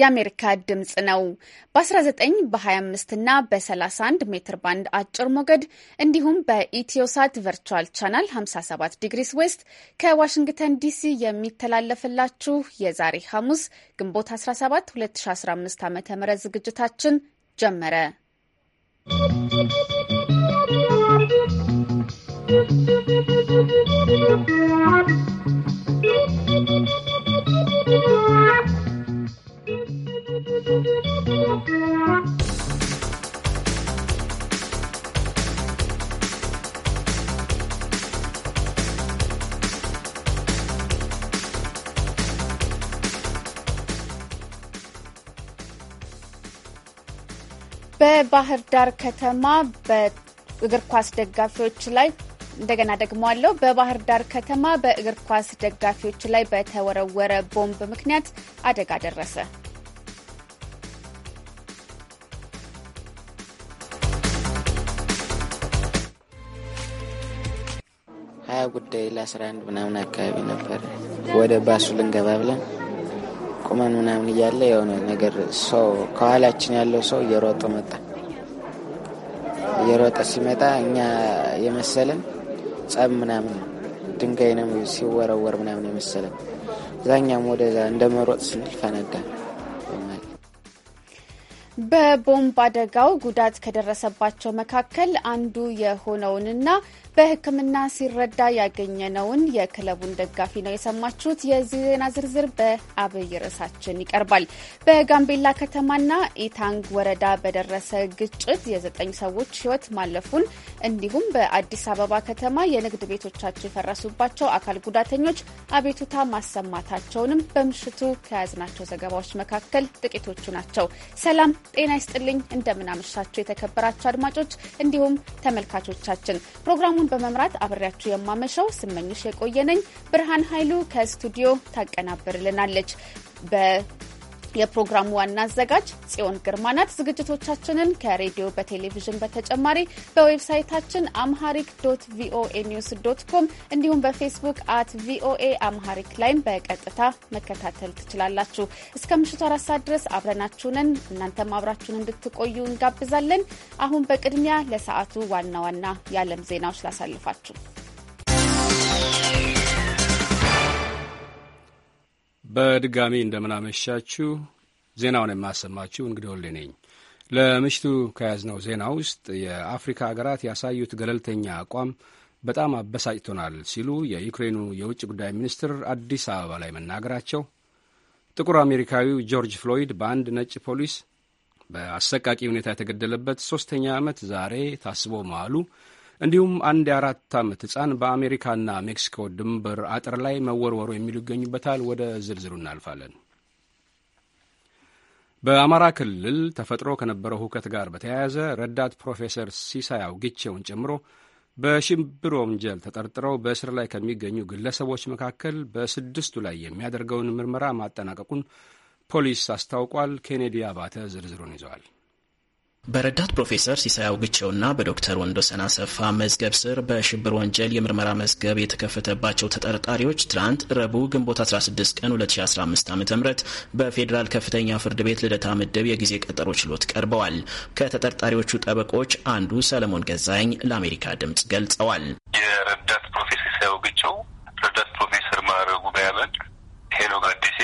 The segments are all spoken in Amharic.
የአሜሪካ ድምፅ ነው። በ19 በ25 እና በ31 ሜትር ባንድ አጭር ሞገድ እንዲሁም በኢትዮሳት ቨርቹዋል ቻናል 57 ዲግሪስ ዌስት ከዋሽንግተን ዲሲ የሚተላለፍላችሁ የዛሬ ሐሙስ ግንቦት 17 2015 ዓ ም ዝግጅታችን ጀመረ። ¶¶ በባህር ዳር ከተማ በእግር ኳስ ደጋፊዎች ላይ እንደገና ደግሞ አለው በባህር ዳር ከተማ በእግር ኳስ ደጋፊዎች ላይ በተወረወረ ቦምብ ምክንያት አደጋ ደረሰ። ሀያ ጉዳይ ለአስራ 11 ምናምን አካባቢ ነበር ወደ ባሱ ልንገባ ብለን ቁመን ምናምን እያለ የሆነ ነገር ሰው ከኋላችን ያለው ሰው እየሮጠ መጣ። እየሮጠ ሲመጣ እኛ የመሰለን ጸብ ምናምን ድንጋይ ነው ሲወረወር ምናምን የመሰለን እዛኛም ወደዛ እንደመሮጥ ስንል ፈነዳ። በቦምብ አደጋው ጉዳት ከደረሰባቸው መካከል አንዱ የሆነውንና በሕክምና ሲረዳ ያገኘነውን የክለቡን ደጋፊ ነው የሰማችሁት። የዜና ዝርዝር በአብይ ርዕሳችን ይቀርባል። በጋምቤላ ከተማና ኢታንግ ወረዳ በደረሰ ግጭት የዘጠኝ ሰዎች ሕይወት ማለፉን እንዲሁም በአዲስ አበባ ከተማ የንግድ ቤቶቻቸው የፈረሱባቸው አካል ጉዳተኞች አቤቱታ ማሰማታቸውንም በምሽቱ ከያዝናቸው ዘገባዎች መካከል ጥቂቶቹ ናቸው። ሰላም ጤና ይስጥልኝ። እንደምናመሻችሁ የተከበራችሁ አድማጮች እንዲሁም ተመልካቾቻችን፣ ፕሮግራሙን በመምራት አብሬያችሁ የማመሸው ስመኝሽ የቆየነኝ። ብርሃን ኃይሉ ከስቱዲዮ ታቀናበርልናለች። የፕሮግራሙ ዋና አዘጋጅ ጽዮን ግርማ ናት። ዝግጅቶቻችንን ከሬዲዮ በቴሌቪዥን በተጨማሪ በዌብሳይታችን አምሃሪክ ዶት ቪኦኤ ኒውስ ዶት ኮም እንዲሁም በፌስቡክ አት ቪኦኤ አምሃሪክ ላይም በቀጥታ መከታተል ትችላላችሁ። እስከ ምሽቱ አራት ሰዓት ድረስ አብረናችሁንን እናንተም አብራችሁን እንድትቆዩ እንጋብዛለን። አሁን በቅድሚያ ለሰዓቱ ዋና ዋና የዓለም ዜናዎች ላሳልፋችሁ። በድጋሚ እንደምናመሻችሁ ዜናውን የማሰማችሁ እንግዲህ ወልዴ ነኝ። ለምሽቱ ከያዝነው ዜና ውስጥ የአፍሪካ ሀገራት ያሳዩት ገለልተኛ አቋም በጣም አበሳጭቶናል ሲሉ የዩክሬኑ የውጭ ጉዳይ ሚኒስትር አዲስ አበባ ላይ መናገራቸው፣ ጥቁር አሜሪካዊው ጆርጅ ፍሎይድ በአንድ ነጭ ፖሊስ በአሰቃቂ ሁኔታ የተገደለበት ሶስተኛ ዓመት ዛሬ ታስቦ መዋሉ እንዲሁም አንድ የአራት ዓመት ሕፃን በአሜሪካና ሜክሲኮ ድንበር አጥር ላይ መወርወሩ የሚሉ ይገኙበታል። ወደ ዝርዝሩ እናልፋለን። በአማራ ክልል ተፈጥሮ ከነበረው ሁከት ጋር በተያያዘ ረዳት ፕሮፌሰር ሲሳያው ግቼውን ጨምሮ በሽብር ወንጀል ተጠርጥረው በእስር ላይ ከሚገኙ ግለሰቦች መካከል በስድስቱ ላይ የሚያደርገውን ምርመራ ማጠናቀቁን ፖሊስ አስታውቋል። ኬኔዲ አባተ ዝርዝሩን ይዘዋል። በረዳት ፕሮፌሰር ሲሳይ አውግቸውና በዶክተር ወንዶሰን አሰፋ መዝገብ ስር በሽብር ወንጀል የምርመራ መዝገብ የተከፈተባቸው ተጠርጣሪዎች ትናንት ረቡዕ ግንቦት 16 ቀን 2015 ዓ ም በፌዴራል ከፍተኛ ፍርድ ቤት ልደታ ምድብ የጊዜ ቀጠሮ ችሎት ቀርበዋል። ከተጠርጣሪዎቹ ጠበቆች አንዱ ሰለሞን ገዛኝ ለአሜሪካ ድምፅ ገልጸዋል። የረዳት ፕሮፌሰር ሲሳይ አውግቸው፣ ረዳት ፕሮፌሰር ማዕረጉ በያመድ፣ ሄኖክ አዲሴ፣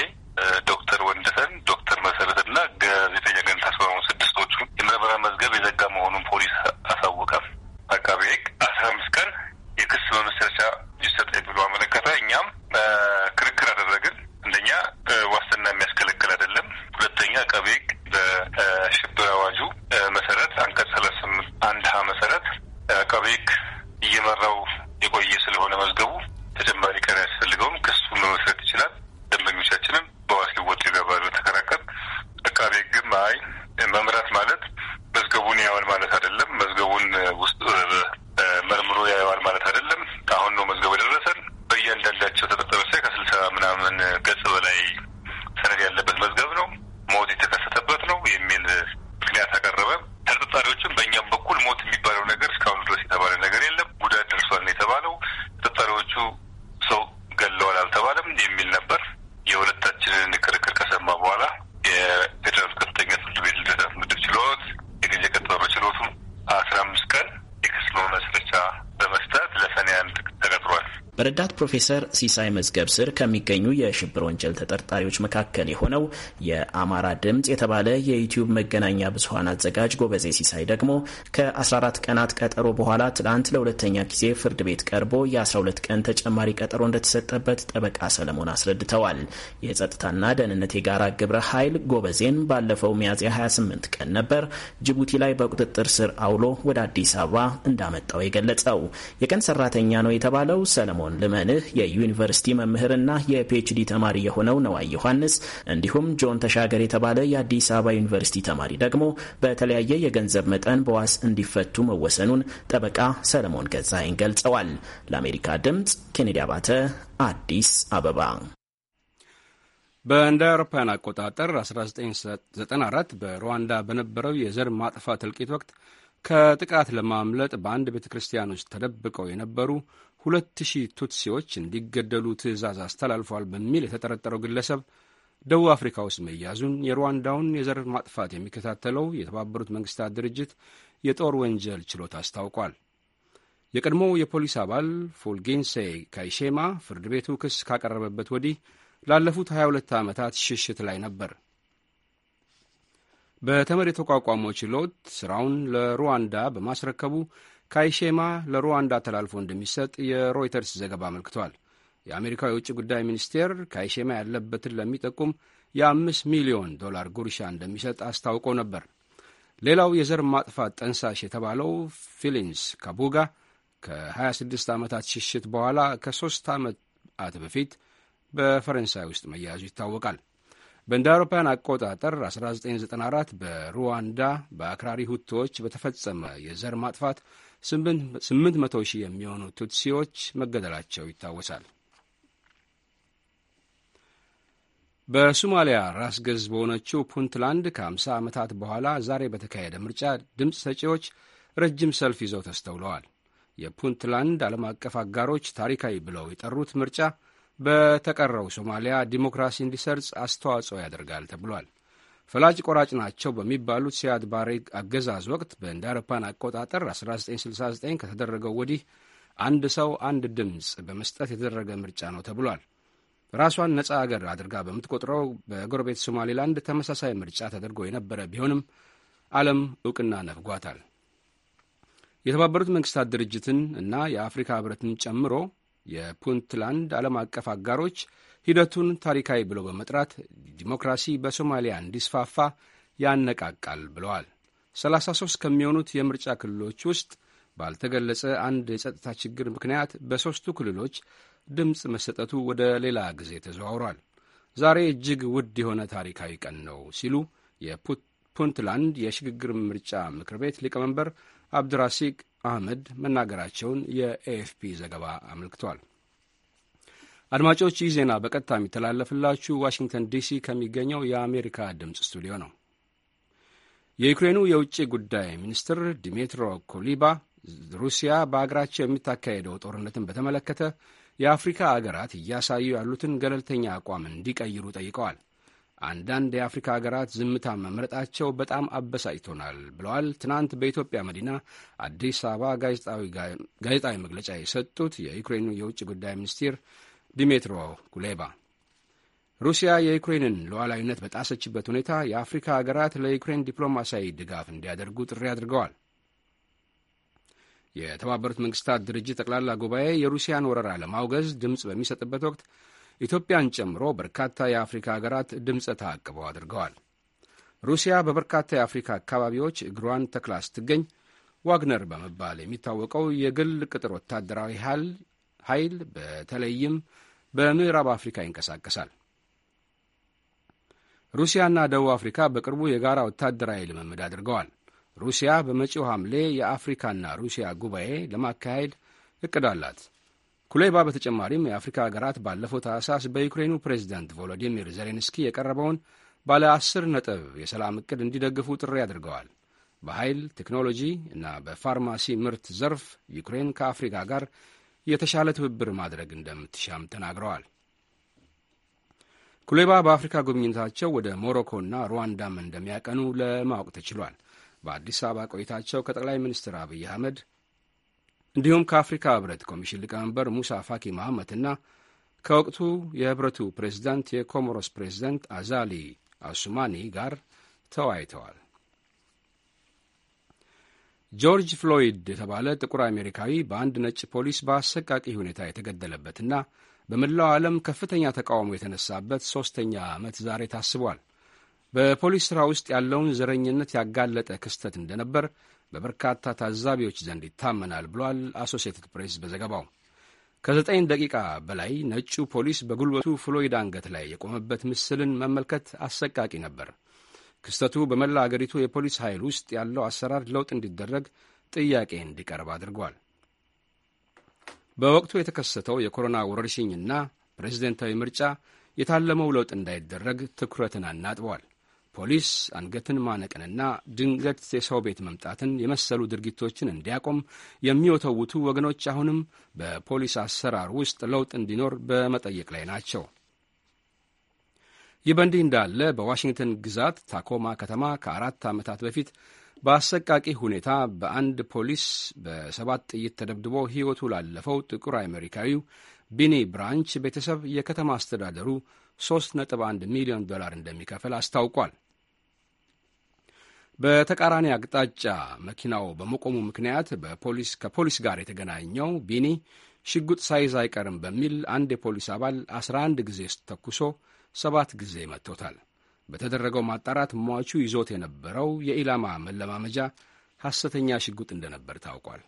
ፕሮፌሰር ሲሳይ መዝገብ ስር ከሚገኙ የሽብር ወንጀል ተጠርጣሪዎች መካከል የሆነው የአማራ ድምፅ የተባለ የዩቲዩብ መገናኛ ብዙሀን አዘጋጅ ጎበዜ ሲሳይ ደግሞ ከ14 ቀናት ቀጠሮ በኋላ ትላንት ለሁለተኛ ጊዜ ፍርድ ቤት ቀርቦ የ12 ቀን ተጨማሪ ቀጠሮ እንደተሰጠበት ጠበቃ ሰለሞን አስረድተዋል። የጸጥታና ደህንነት የጋራ ግብረ ኃይል ጎበዜን ባለፈው ሚያዝያ 28 ቀን ነበር ጅቡቲ ላይ በቁጥጥር ስር አውሎ ወደ አዲስ አበባ እንዳመጣው የገለጸው። የቀን ሰራተኛ ነው የተባለው ሰለሞን ልመን መንህ የዩኒቨርሲቲ መምህርና የፒኤችዲ ተማሪ የሆነው ነዋይ ዮሐንስ እንዲሁም ጆን ተሻገር የተባለ የአዲስ አበባ ዩኒቨርሲቲ ተማሪ ደግሞ በተለያየ የገንዘብ መጠን በዋስ እንዲፈቱ መወሰኑን ጠበቃ ሰለሞን ገዛይን ገልጸዋል። ለአሜሪካ ድምጽ ኬኔዲ አባተ አዲስ አበባ። በእንደ አውሮፓውያን አቆጣጠር 1994 በሩዋንዳ በነበረው የዘር ማጥፋት እልቂት ወቅት ከጥቃት ለማምለጥ በአንድ ቤተ ክርስቲያን ውስጥ ተደብቀው የነበሩ ሁለት ሺህ ቱትሲዎች እንዲገደሉ ትዕዛዝ አስተላልፏል በሚል የተጠረጠረው ግለሰብ ደቡብ አፍሪካ ውስጥ መያዙን የሩዋንዳውን የዘር ማጥፋት የሚከታተለው የተባበሩት መንግስታት ድርጅት የጦር ወንጀል ችሎት አስታውቋል። የቀድሞው የፖሊስ አባል ፎልጌንሴ ካይሼማ ፍርድ ቤቱ ክስ ካቀረበበት ወዲህ ላለፉት 22 ዓመታት ሽሽት ላይ ነበር። በተመድ የተቋቋመው ችሎት ሥራውን ለሩዋንዳ በማስረከቡ ካይሼማ ለሩዋንዳ ተላልፎ እንደሚሰጥ የሮይተርስ ዘገባ አመልክቷል። የአሜሪካ የውጭ ጉዳይ ሚኒስቴር ካይሼማ ያለበትን ለሚጠቁም የአምስት ሚሊዮን ዶላር ጉርሻ እንደሚሰጥ አስታውቆ ነበር። ሌላው የዘር ማጥፋት ጠንሳሽ የተባለው ፊሊንስ ካቡጋ ከ26 ዓመታት ሽሽት በኋላ ከሦስት ዓመታት በፊት በፈረንሳይ ውስጥ መያዙ ይታወቃል። በእንደ አውሮፓውያን አቆጣጠር 1994 በሩዋንዳ በአክራሪ ሁቶዎች በተፈጸመ የዘር ማጥፋት ስምንት መቶ ሺህ የሚሆኑ ቱትሲዎች መገደላቸው ይታወሳል። በሶማሊያ ራስ ገዝ በሆነችው ፑንትላንድ ከ50 ዓመታት በኋላ ዛሬ በተካሄደ ምርጫ ድምፅ ሰጪዎች ረጅም ሰልፍ ይዘው ተስተውለዋል። የፑንትላንድ ዓለም አቀፍ አጋሮች ታሪካዊ ብለው የጠሩት ምርጫ በተቀረው ሶማሊያ ዲሞክራሲ እንዲሰርጽ አስተዋጽኦ ያደርጋል ተብሏል። ፈላጭ ቆራጭ ናቸው በሚባሉት ሲያድ ባሬ አገዛዝ ወቅት በእንደ አቆጣጠር 1969 ከተደረገው ወዲህ አንድ ሰው አንድ ድምፅ በመስጠት የተደረገ ምርጫ ነው ተብሏል። ራሷን ነጻ አገር አድርጋ በምትቆጥረው በጎረቤት ሶማሌላንድ ተመሳሳይ ምርጫ ተደርጎ የነበረ ቢሆንም ዓለም እውቅና ነፍጓታል። የተባበሩት መንግስታት ድርጅትን እና የአፍሪካ ህብረትን ጨምሮ የፑንትላንድ ዓለም አቀፍ አጋሮች ሂደቱን ታሪካዊ ብሎ በመጥራት ዲሞክራሲ በሶማሊያ እንዲስፋፋ ያነቃቃል ብለዋል። 33 ከሚሆኑት የምርጫ ክልሎች ውስጥ ባልተገለጸ አንድ የጸጥታ ችግር ምክንያት በሦስቱ ክልሎች ድምፅ መሰጠቱ ወደ ሌላ ጊዜ ተዘዋውሯል። ዛሬ እጅግ ውድ የሆነ ታሪካዊ ቀን ነው ሲሉ የፑንትላንድ የሽግግር ምርጫ ምክር ቤት ሊቀመንበር አብድራሲቅ አህመድ መናገራቸውን የኤኤፍፒ ዘገባ አመልክቷል። አድማጮች ይህ ዜና በቀጥታ የሚተላለፍላችሁ ዋሽንግተን ዲሲ ከሚገኘው የአሜሪካ ድምፅ ስቱዲዮ ነው። የዩክሬኑ የውጭ ጉዳይ ሚኒስትር ዲሜትሮ ኮሊባ ሩሲያ በአገራቸው የምታካሄደው ጦርነትን በተመለከተ የአፍሪካ አገራት እያሳዩ ያሉትን ገለልተኛ አቋም እንዲቀይሩ ጠይቀዋል። አንዳንድ የአፍሪካ አገራት ዝምታ መምረጣቸው በጣም አበሳጭቶናል ብለዋል። ትናንት በኢትዮጵያ መዲና አዲስ አበባ ጋዜጣዊ መግለጫ የሰጡት የዩክሬኑ የውጭ ጉዳይ ሚኒስቴር ዲሜትሮ ኩሌባ ሩሲያ የዩክሬንን ሉዓላዊነት በጣሰችበት ሁኔታ የአፍሪካ አገራት ለዩክሬን ዲፕሎማሲያዊ ድጋፍ እንዲያደርጉ ጥሪ አድርገዋል። የተባበሩት መንግስታት ድርጅት ጠቅላላ ጉባኤ የሩሲያን ወረራ ለማውገዝ ድምፅ በሚሰጥበት ወቅት ኢትዮጵያን ጨምሮ በርካታ የአፍሪካ አገራት ድምፀ ተአቅበው አድርገዋል። ሩሲያ በበርካታ የአፍሪካ አካባቢዎች እግሯን ተክላ ስትገኝ ዋግነር በመባል የሚታወቀው የግል ቅጥር ወታደራዊ ኃይል በተለይም በምዕራብ አፍሪካ ይንቀሳቀሳል። ሩሲያና ደቡብ አፍሪካ በቅርቡ የጋራ ወታደራዊ ልምምድ አድርገዋል። ሩሲያ በመጪው ሐምሌ የአፍሪካና ሩሲያ ጉባኤ ለማካሄድ እቅድ አላት። ኩሌባ በተጨማሪም የአፍሪካ ሀገራት ባለፈው ታህሳስ በዩክሬኑ ፕሬዚዳንት ቮሎዲሚር ዜሌንስኪ የቀረበውን ባለ አስር ነጥብ የሰላም እቅድ እንዲደግፉ ጥሪ አድርገዋል። በኃይል ቴክኖሎጂ እና በፋርማሲ ምርት ዘርፍ ዩክሬን ከአፍሪካ ጋር የተሻለ ትብብር ማድረግ እንደምትሻም ተናግረዋል። ኩሌባ በአፍሪካ ጉብኝታቸው ወደ ሞሮኮና ሩዋንዳም እንደሚያቀኑ ለማወቅ ተችሏል። በአዲስ አበባ ቆይታቸው ከጠቅላይ ሚኒስትር አብይ አህመድ እንዲሁም ከአፍሪካ ህብረት ኮሚሽን ሊቀመንበር ሙሳ ፋኪ መሐመትና ከወቅቱ የህብረቱ ፕሬዝዳንት የኮሞሮስ ፕሬዚዳንት አዛሊ አሱማኒ ጋር ተወያይተዋል። ጆርጅ ፍሎይድ የተባለ ጥቁር አሜሪካዊ በአንድ ነጭ ፖሊስ በአሰቃቂ ሁኔታ የተገደለበትና በመላው ዓለም ከፍተኛ ተቃውሞ የተነሳበት ሦስተኛ ዓመት ዛሬ ታስቧል። በፖሊስ ሥራ ውስጥ ያለውን ዘረኝነት ያጋለጠ ክስተት እንደነበር በበርካታ ታዛቢዎች ዘንድ ይታመናል ብሏል አሶሲየትድ ፕሬስ በዘገባው። ከዘጠኝ ደቂቃ በላይ ነጩ ፖሊስ በጉልበቱ ፍሎይድ አንገት ላይ የቆመበት ምስልን መመልከት አሰቃቂ ነበር። ክስተቱ በመላ አገሪቱ የፖሊስ ኃይል ውስጥ ያለው አሰራር ለውጥ እንዲደረግ ጥያቄ እንዲቀርብ አድርጓል። በወቅቱ የተከሰተው የኮሮና ወረርሽኝና ፕሬዝደንታዊ ምርጫ የታለመው ለውጥ እንዳይደረግ ትኩረትን አናጥቧል። ፖሊስ አንገትን ማነቅንና ድንገት የሰው ቤት መምጣትን የመሰሉ ድርጊቶችን እንዲያቆም የሚወተውቱ ወገኖች አሁንም በፖሊስ አሰራር ውስጥ ለውጥ እንዲኖር በመጠየቅ ላይ ናቸው። ይህ በእንዲህ እንዳለ በዋሽንግተን ግዛት ታኮማ ከተማ ከአራት ዓመታት በፊት በአሰቃቂ ሁኔታ በአንድ ፖሊስ በሰባት ጥይት ተደብድቦ ሕይወቱ ላለፈው ጥቁር አሜሪካዊው ቢኒ ብራንች ቤተሰብ የከተማ አስተዳደሩ 3.1 ሚሊዮን ዶላር እንደሚከፍል አስታውቋል። በተቃራኒ አቅጣጫ መኪናው በመቆሙ ምክንያት ከፖሊስ ጋር የተገናኘው ቢኒ ሽጉጥ ሳይዝ አይቀርም በሚል አንድ የፖሊስ አባል 11 ጊዜ ተኩሶ ሰባት ጊዜ መጥቶታል። በተደረገው ማጣራት ሟቹ ይዞት የነበረው የኢላማ መለማመጃ ሐሰተኛ ሽጉጥ እንደነበር ታውቋል።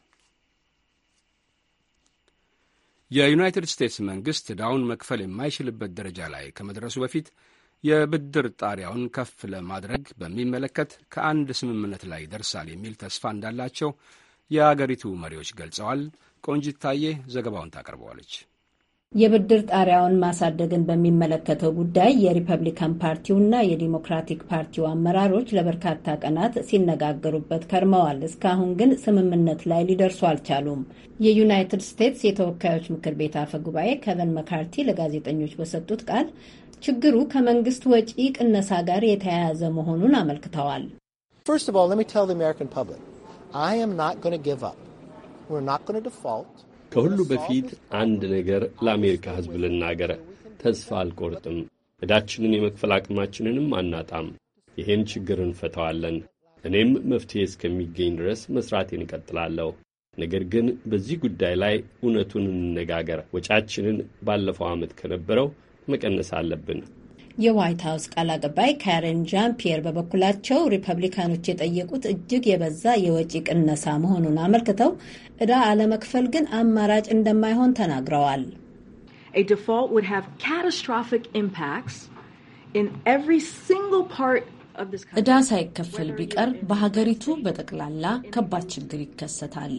የዩናይትድ ስቴትስ መንግሥት ዳውን መክፈል የማይችልበት ደረጃ ላይ ከመድረሱ በፊት የብድር ጣሪያውን ከፍ ለማድረግ በሚመለከት ከአንድ ስምምነት ላይ ደርሳል የሚል ተስፋ እንዳላቸው የአገሪቱ መሪዎች ገልጸዋል። ቆንጂት ታዬ ዘገባውን ታቀርበዋለች። የብድር ጣሪያውን ማሳደግን በሚመለከተው ጉዳይ የሪፐብሊካን ፓርቲውና የዲሞክራቲክ ፓርቲው አመራሮች ለበርካታ ቀናት ሲነጋገሩበት ከርመዋል። እስካሁን ግን ስምምነት ላይ ሊደርሱ አልቻሉም። የዩናይትድ ስቴትስ የተወካዮች ምክር ቤት አፈ ጉባኤ ከቨን መካርቲ ለጋዜጠኞች በሰጡት ቃል ችግሩ ከመንግስት ወጪ ቅነሳ ጋር የተያያዘ መሆኑን አመልክተዋል። First of all, let me tell the American public, I am not going to give up. We're not going to default. ከሁሉ በፊት አንድ ነገር ለአሜሪካ ሕዝብ ልናገር። ተስፋ አልቆርጥም። ዕዳችንን የመክፈል አቅማችንንም አናጣም። ይህን ችግር እንፈተዋለን። እኔም መፍትሔ እስከሚገኝ ድረስ መሥራቴን እቀጥላለሁ። ነገር ግን በዚህ ጉዳይ ላይ እውነቱን እንነጋገር። ወጫችንን ባለፈው ዓመት ከነበረው መቀነስ አለብን። የዋይት ሀውስ ቃል አቀባይ ካረን ጃን ፒየር በበኩላቸው ሪፐብሊካኖች የጠየቁት እጅግ የበዛ የወጪ ቅነሳ መሆኑን አመልክተው እዳ አለመክፈል ግን አማራጭ እንደማይሆን ተናግረዋል። እዳ ሳይከፈል ቢቀር በሀገሪቱ በጠቅላላ ከባድ ችግር ይከሰታል።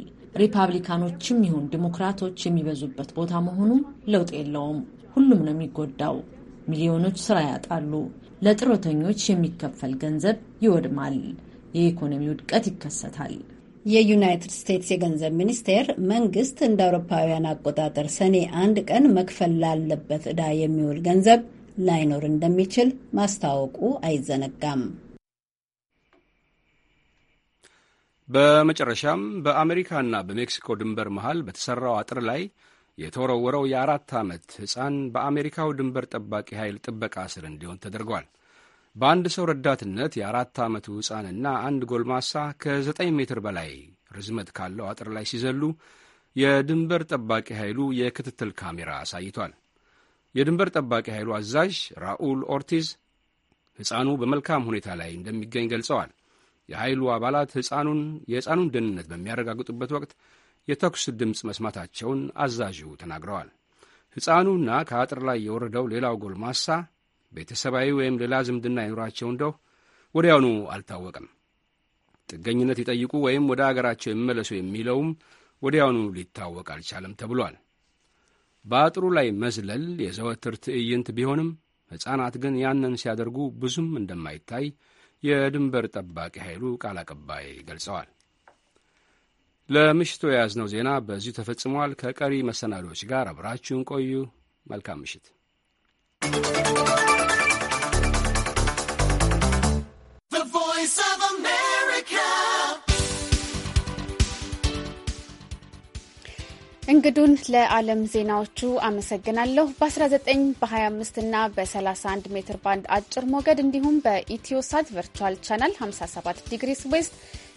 ሪፐብሊካኖችም ይሁን ዲሞክራቶች የሚበዙበት ቦታ መሆኑ ለውጥ የለውም። ሁሉም ነው የሚጎዳው። ሚሊዮኖች ስራ ያጣሉ፣ ለጡረተኞች የሚከፈል ገንዘብ ይወድማል፣ የኢኮኖሚ ውድቀት ይከሰታል። የዩናይትድ ስቴትስ የገንዘብ ሚኒስቴር መንግስት እንደ አውሮፓውያን አቆጣጠር ሰኔ አንድ ቀን መክፈል ላለበት ዕዳ የሚውል ገንዘብ ላይኖር እንደሚችል ማስታወቁ አይዘነጋም። በመጨረሻም በአሜሪካና በሜክሲኮ ድንበር መሃል በተሰራው አጥር ላይ የተወረወረው የአራት ዓመት ሕፃን በአሜሪካው ድንበር ጠባቂ ኃይል ጥበቃ ስር እንዲሆን ተደርጓል። በአንድ ሰው ረዳትነት የአራት ዓመቱ ሕፃንና አንድ ጎልማሳ ከዘጠኝ ሜትር በላይ ርዝመት ካለው አጥር ላይ ሲዘሉ የድንበር ጠባቂ ኃይሉ የክትትል ካሜራ አሳይቷል። የድንበር ጠባቂ ኃይሉ አዛዥ ራኡል ኦርቲዝ ሕፃኑ በመልካም ሁኔታ ላይ እንደሚገኝ ገልጸዋል። የኃይሉ አባላት ሕፃኑን የሕፃኑን ደህንነት በሚያረጋግጡበት ወቅት የተኩስ ድምፅ መስማታቸውን አዛዡ ተናግረዋል። ሕፃኑና ከአጥር ላይ የወረደው ሌላው ጎልማሳ ቤተሰባዊ ወይም ሌላ ዝምድና ይኖራቸው እንደው ወዲያውኑ አልታወቅም። ጥገኝነት ይጠይቁ ወይም ወደ አገራቸው ይመለሱ የሚለውም ወዲያውኑ ሊታወቅ አልቻለም ተብሏል። በአጥሩ ላይ መዝለል የዘወትር ትዕይንት ቢሆንም ሕፃናት ግን ያንን ሲያደርጉ ብዙም እንደማይታይ የድንበር ጠባቂ ኃይሉ ቃል አቀባይ ገልጸዋል። ለምሽቱ የያዝነው ዜና በዚሁ ተፈጽሟል። ከቀሪ መሰናዶዎች ጋር አብራችሁን ቆዩ። መልካም ምሽት። እንግዱን ለዓለም ዜናዎቹ አመሰግናለሁ። በ19 በ25 እና በ31 ሜትር ባንድ አጭር ሞገድ እንዲሁም በኢትዮሳት ቨርቹዋል ቻናል 57 ዲግሪስ ዌስት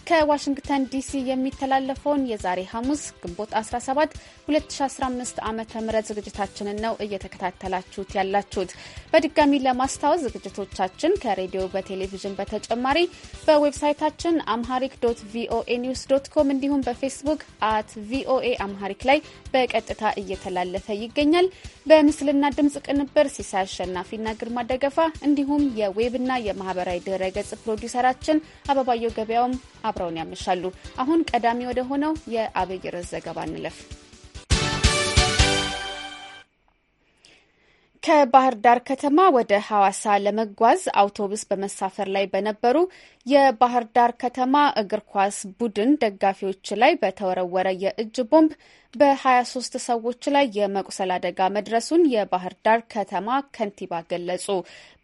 ከዋሽንግተን ዲሲ የሚተላለፈውን የዛሬ ሐሙስ ግንቦት 17 2015 ዓ ም ዝግጅታችንን ነው እየተከታተላችሁት ያላችሁት። በድጋሚ ለማስታወስ ዝግጅቶቻችን ከሬዲዮ በቴሌቪዥን በተጨማሪ በዌብሳይታችን አምሃሪክ ዶት ቪኦኤ ኒውስ ዶት ኮም እንዲሁም በፌስቡክ አት ቪኦኤ አምሃሪክ ላይ በቀጥታ እየተላለፈ ይገኛል። በምስልና ድምጽ ቅንብር ሲሳይ አሸናፊና ግርማ ደገፋ እንዲሁም የዌብና የማህበራዊ ድረገጽ ፕሮዲውሰራችን አበባየው ገበያውም አብረውን ያመሻሉ። አሁን ቀዳሚ ወደ ሆነው የአብይ ርዕስ ዘገባ እንለፍ። ከባህር ዳር ከተማ ወደ ሐዋሳ ለመጓዝ አውቶቡስ በመሳፈር ላይ በነበሩ የባህር ዳር ከተማ እግር ኳስ ቡድን ደጋፊዎች ላይ በተወረወረ የእጅ ቦምብ በ23 ሰዎች ላይ የመቁሰል አደጋ መድረሱን የባህር ዳር ከተማ ከንቲባ ገለጹ።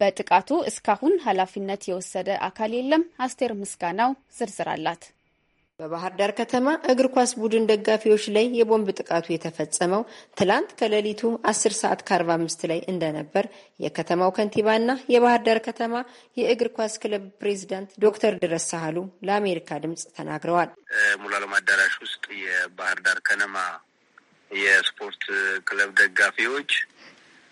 በጥቃቱ እስካሁን ኃላፊነት የወሰደ አካል የለም። አስቴር ምስጋናው ዝርዝር አላት። በባህር ዳር ከተማ እግር ኳስ ቡድን ደጋፊዎች ላይ የቦምብ ጥቃቱ የተፈጸመው ትላንት ከሌሊቱ 10 ሰዓት ከ45 ላይ እንደነበር የከተማው ከንቲባና የባህር ዳር ከተማ የእግር ኳስ ክለብ ፕሬዚዳንት ዶክተር ድረስ ሳህሉ ለአሜሪካ ድምፅ ተናግረዋል። ሙሉዓለም አዳራሽ ውስጥ የባህር ዳር ከነማ የስፖርት ክለብ ደጋፊዎች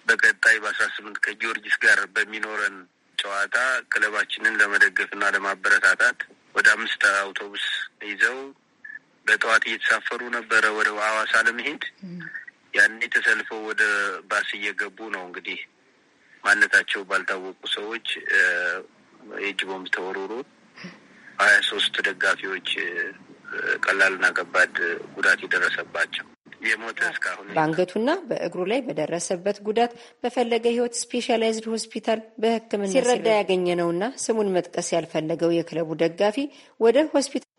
በቀጣይ በአስራ ስምንት ከጊዮርጊስ ጋር በሚኖረን ጨዋታ ክለባችንን ለመደገፍና ለማበረታታት ወደ አምስት አውቶቡስ ይዘው በጠዋት እየተሳፈሩ ነበረ ወደ አዋሳ ለመሄድ። ያኔ ተሰልፈው ወደ ባስ እየገቡ ነው እንግዲህ ማንነታቸው ባልታወቁ ሰዎች የእጅ ቦምብ ተወርሮ ሀያ ሶስት ደጋፊዎች ቀላልና ከባድ ጉዳት የደረሰባቸው በአንገቱና በእግሩ ላይ በደረሰበት ጉዳት በፈለገ ህይወት ስፔሻላይዝድ ሆስፒታል በህክምና ሲረዳ ያገኘ ነውና ስሙን መጥቀስ ያልፈለገው የክለቡ ደጋፊ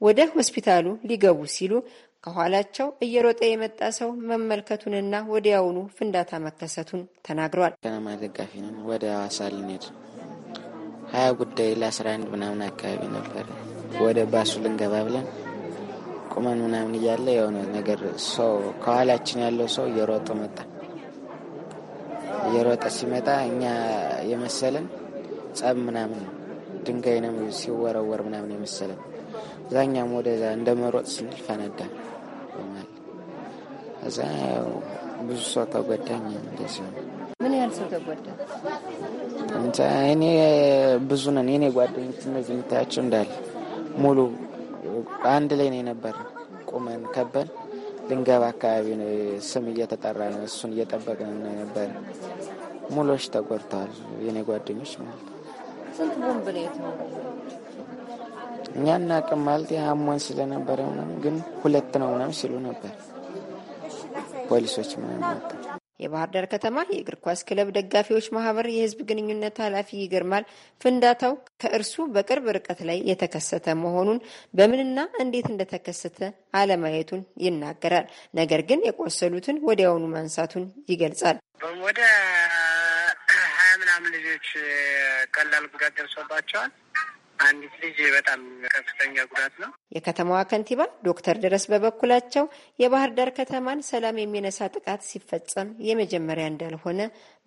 ወደ ሆስፒታሉ ሊገቡ ሲሉ ከኋላቸው እየሮጠ የመጣ ሰው መመልከቱንና ወዲያውኑ ፍንዳታ መከሰቱን ተናግረዋል። ከነማ ደጋፊ ነን። ወደ ሐዋሳ ልንሄድ ሀያ ጉዳይ ለአስራ አንድ ምናምን አካባቢ ነበር። ወደ ባሱ ልንገባ ብለን ቁመን ምናምን እያለ የሆነ ነገር ሰው ከኋላችን ያለው ሰው እየሮጠ መጣ። እየሮጠ ሲመጣ እኛ የመሰለን ጸብ ምናምን ድንጋይ ነው ሲወረወር ምናምን የመሰለን እዛኛም ወደዛ እንደ መሮጥ ስንል ፈነዳ እዛ ብዙ ሰው ተጎዳኝ። እንደዚህ ምን ያህል ሰው ተጎዳ? እኔ ብዙ ነን። የኔ ጓደኞች እነዚህ የምታያቸው እንዳለ ሙሉ አንድ ላይ ነው የነበር ቁመን ከበን ልንገባ አካባቢ ስም እየተጠራ ነው። እሱን እየጠበቅን ነው ነበር። ሙሎች ተጎድተዋል፣ የኔ ጓደኞች ማለት ነው። ስንት ቦምብ ነው እኛ እናቅም ማለት የሀሞን ስለነበረ ምናምን ግን ሁለት ነው ምናምን ሲሉ ነበር ፖሊሶች ምናምን የባህር ዳር ከተማ የእግር ኳስ ክለብ ደጋፊዎች ማህበር የህዝብ ግንኙነት ኃላፊ ይገርማል ፍንዳታው ከእርሱ በቅርብ ርቀት ላይ የተከሰተ መሆኑን በምንና እንዴት እንደተከሰተ አለማየቱን ይናገራል። ነገር ግን የቆሰሉትን ወዲያውኑ ማንሳቱን ይገልጻል። ወደ ሀያ ምናምን ልጆች ቀላል ጉዳት ደርሶባቸዋል። አንዲት ልጅ በጣም ከፍተኛ ጉዳት ነው። የከተማዋ ከንቲባ ዶክተር ድረስ በበኩላቸው የባህር ዳር ከተማን ሰላም የሚነሳ ጥቃት ሲፈጸም የመጀመሪያ እንዳልሆነ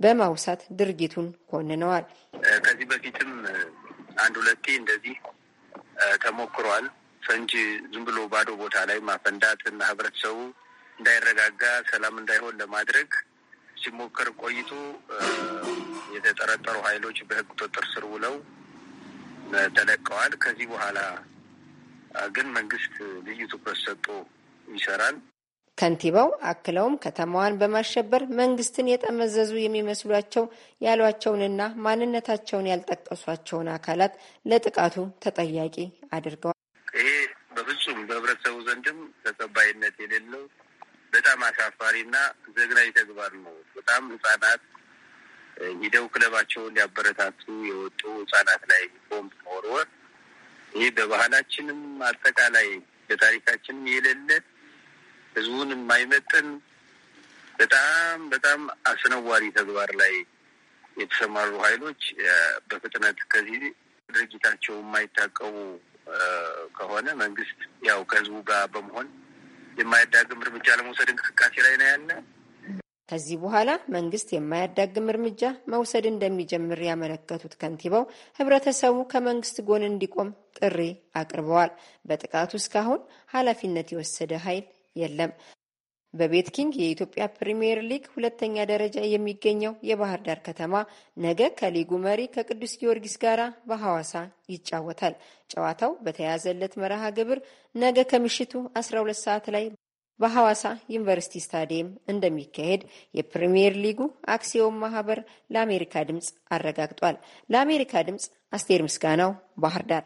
በማውሳት ድርጊቱን ኮንነዋል። ከዚህ በፊትም አንድ ሁለቴ እንደዚህ ተሞክሯል። ፈንጂ ዝም ብሎ ባዶ ቦታ ላይ ማፈንዳት እና ህብረተሰቡ እንዳይረጋጋ ሰላም እንዳይሆን ለማድረግ ሲሞከር ቆይቶ የተጠረጠሩ ኃይሎች በህግ ቁጥጥር ስር ውለው ተለቀዋል። ከዚህ በኋላ ግን መንግስት ልዩ ትኩረት ሰጥቶ ይሰራል። ከንቲባው አክለውም ከተማዋን በማሸበር መንግስትን የጠመዘዙ የሚመስሏቸው ያሏቸውንና ማንነታቸውን ያልጠቀሷቸውን አካላት ለጥቃቱ ተጠያቂ አድርገዋል። ይሄ በፍጹም በህብረተሰቡ ዘንድም ተቀባይነት የሌለው በጣም አሳፋሪና ዘግናዊ ተግባር ነው። በጣም ህጻናት ሂደው ክለባቸውን ሊያበረታቱ የወጡ ህጻናት ላይ ቦምብ መወርወር ይህ በባህላችንም አጠቃላይ በታሪካችንም የሌለ ህዝቡን የማይመጥን በጣም በጣም አስነዋሪ ተግባር ላይ የተሰማሩ ኃይሎች በፍጥነት ከዚህ ድርጊታቸው የማይታቀቡ ከሆነ መንግስት ያው ከህዝቡ ጋር በመሆን የማያዳግም እርምጃ ለመውሰድ እንቅስቃሴ ላይ ነው ያለ። ከዚህ በኋላ መንግስት የማያዳግም እርምጃ መውሰድ እንደሚጀምር ያመለከቱት ከንቲባው ህብረተሰቡ ከመንግስት ጎን እንዲቆም ጥሪ አቅርበዋል። በጥቃቱ እስካሁን ኃላፊነት የወሰደ ኃይል የለም። በቤት ኪንግ የኢትዮጵያ ፕሪምየር ሊግ ሁለተኛ ደረጃ የሚገኘው የባህር ዳር ከተማ ነገ ከሊጉ መሪ ከቅዱስ ጊዮርጊስ ጋር በሐዋሳ ይጫወታል። ጨዋታው በተያዘለት መርሃ ግብር ነገ ከምሽቱ 12 ሰዓት ላይ በሐዋሳ ዩኒቨርሲቲ ስታዲየም እንደሚካሄድ የፕሪምየር ሊጉ አክሲዮን ማህበር ለአሜሪካ ድምፅ አረጋግጧል። ለአሜሪካ ድምፅ አስቴር ምስጋናው ባህር ዳር።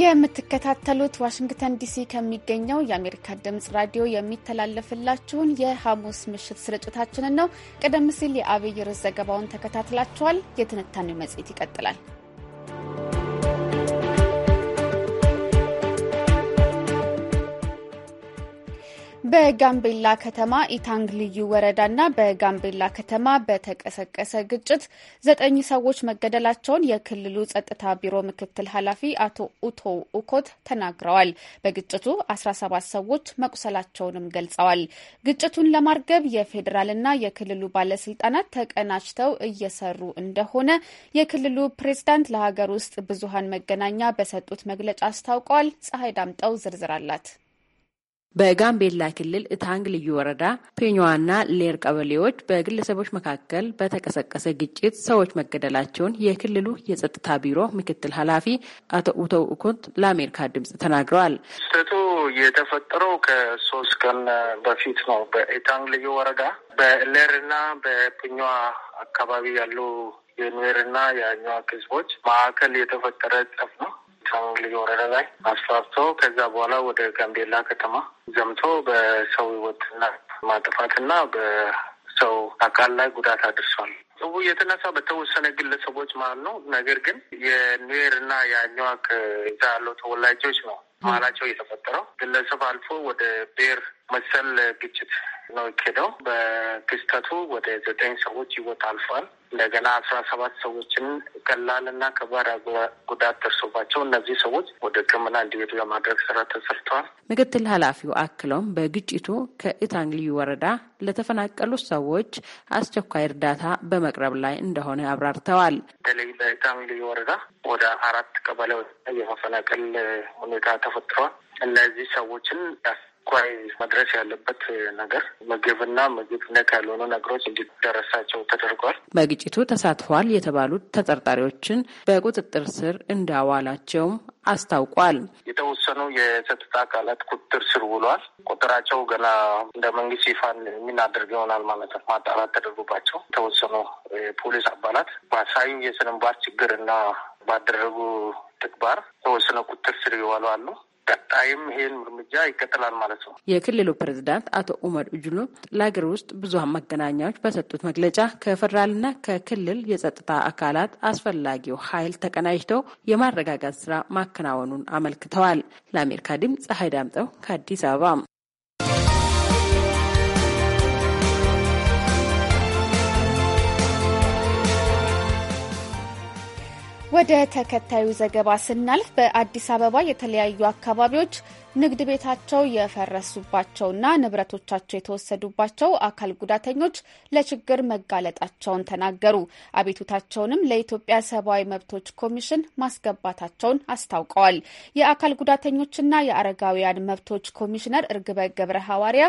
የምትከታተሉት ዋሽንግተን ዲሲ ከሚገኘው የአሜሪካ ድምጽ ራዲዮ የሚተላለፍላችሁን የሐሙስ ምሽት ስርጭታችንን ነው። ቀደም ሲል የአብይ ርዕስ ዘገባውን ተከታትላችኋል። የትንታኔው መጽሔት ይቀጥላል። በጋምቤላ ከተማ ኢታንግ ልዩ ወረዳና በጋምቤላ ከተማ በተቀሰቀሰ ግጭት ዘጠኝ ሰዎች መገደላቸውን የክልሉ ጸጥታ ቢሮ ምክትል ኃላፊ አቶ ኡቶ ኡኮት ተናግረዋል። በግጭቱ 17 ሰዎች መቁሰላቸውንም ገልጸዋል። ግጭቱን ለማርገብ የፌዴራልና የክልሉ ባለስልጣናት ተቀናጅተው እየሰሩ እንደሆነ የክልሉ ፕሬዝዳንት ለሀገር ውስጥ ብዙሀን መገናኛ በሰጡት መግለጫ አስታውቀዋል። ፀሐይ ዳምጠው ዝርዝር አላት። በጋምቤላ ክልል እታንግ ልዩ ወረዳ ፔኛዋና ሌር ቀበሌዎች በግለሰቦች መካከል በተቀሰቀሰ ግጭት ሰዎች መገደላቸውን የክልሉ የጸጥታ ቢሮ ምክትል ኃላፊ አቶ ኡተው እኩንት ለአሜሪካ ድምጽ ተናግረዋል። ስህተቱ የተፈጠረው ከሶስት ቀን በፊት ነው። በኢታንግ ልዩ ወረዳ በሌርና በፔኛዋ አካባቢ ያሉ የኑዌርና የአኛዋክ ህዝቦች መካከል የተፈጠረ ጠፍ ነው። ሰው ልዩ ወረዳ ላይ አስፋፍቶ ከዛ በኋላ ወደ ጋምቤላ ከተማ ዘምቶ በሰው ህይወትና ማጥፋትና በሰው አካል ላይ ጉዳት አድርሷል። ጽቡ የተነሳው በተወሰነ ግለሰቦች ማለት ነው። ነገር ግን የኒዌር እና የአኝዋክ እዛ ያለው ተወላጆች ነው መሀላቸው የተፈጠረው ግለሰብ አልፎ ወደ ብሔር መሰል ግጭት ነው የሄደው። በክስተቱ ወደ ዘጠኝ ሰዎች ህይወት አልፏል። እንደገና አስራ ሰባት ሰዎችን ቀላል እና ከባድ ጉዳት ደርሶባቸው እነዚህ ሰዎች ወደ ሕክምና እንዲሄዱ ለማድረግ ስራ ተሰርተዋል። ምክትል ኃላፊው አክለውም በግጭቱ ከኢታንግ ወረዳ ለተፈናቀሉ ሰዎች አስቸኳይ እርዳታ በመቅረብ ላይ እንደሆነ አብራርተዋል። በተለይ በኢታንግ ወረዳ ወደ አራት ቀበሌዎች የመፈናቀል ሁኔታ ተፈጥሯል። እነዚህ ሰዎችን በአስቸኳይ መድረስ ያለበት ነገር ምግብና ምግብ ነክ ያልሆኑ ነገሮች እንዲደረሳቸው ተደርጓል። በግጭቱ ተሳትፏል የተባሉት ተጠርጣሪዎችን በቁጥጥር ስር እንዳዋላቸውም አስታውቋል። የተወሰኑ የጸጥታ አካላት ቁጥጥር ስር ውሏል። ቁጥራቸው ገና እንደ መንግስት ይፋን የሚናደርግ ይሆናል ማለት ነው። ማጣራት ተደርጎባቸው የተወሰኑ የፖሊስ አባላት ባሳዩ የስነ ችግርና ባደረጉ ተግባር ተወሰነ ቁጥጥር ስር ይዋሉ አሉ። ቀጣይም ይህን እርምጃ ይቀጥላል ማለት ነው። የክልሉ ፕሬዚዳንት አቶ ኡመር ኡጅሉ ለሀገር ውስጥ ብዙሀን መገናኛዎች በሰጡት መግለጫ ከፌደራልና ከክልል የጸጥታ አካላት አስፈላጊው ኃይል ተቀናጅተው የማረጋጋት ስራ ማከናወኑን አመልክተዋል። ለአሜሪካ ድምፅ ፀሐይ ዳምጠው ከአዲስ አበባ ወደ ተከታዩ ዘገባ ስናልፍ በአዲስ አበባ የተለያዩ አካባቢዎች ንግድ ቤታቸው የፈረሱባቸውና ንብረቶቻቸው የተወሰዱባቸው አካል ጉዳተኞች ለችግር መጋለጣቸውን ተናገሩ። አቤቱታቸውንም ለኢትዮጵያ ሰብአዊ መብቶች ኮሚሽን ማስገባታቸውን አስታውቀዋል። የአካል ጉዳተኞችና የአረጋውያን መብቶች ኮሚሽነር እርግበ ገብረ ሐዋርያ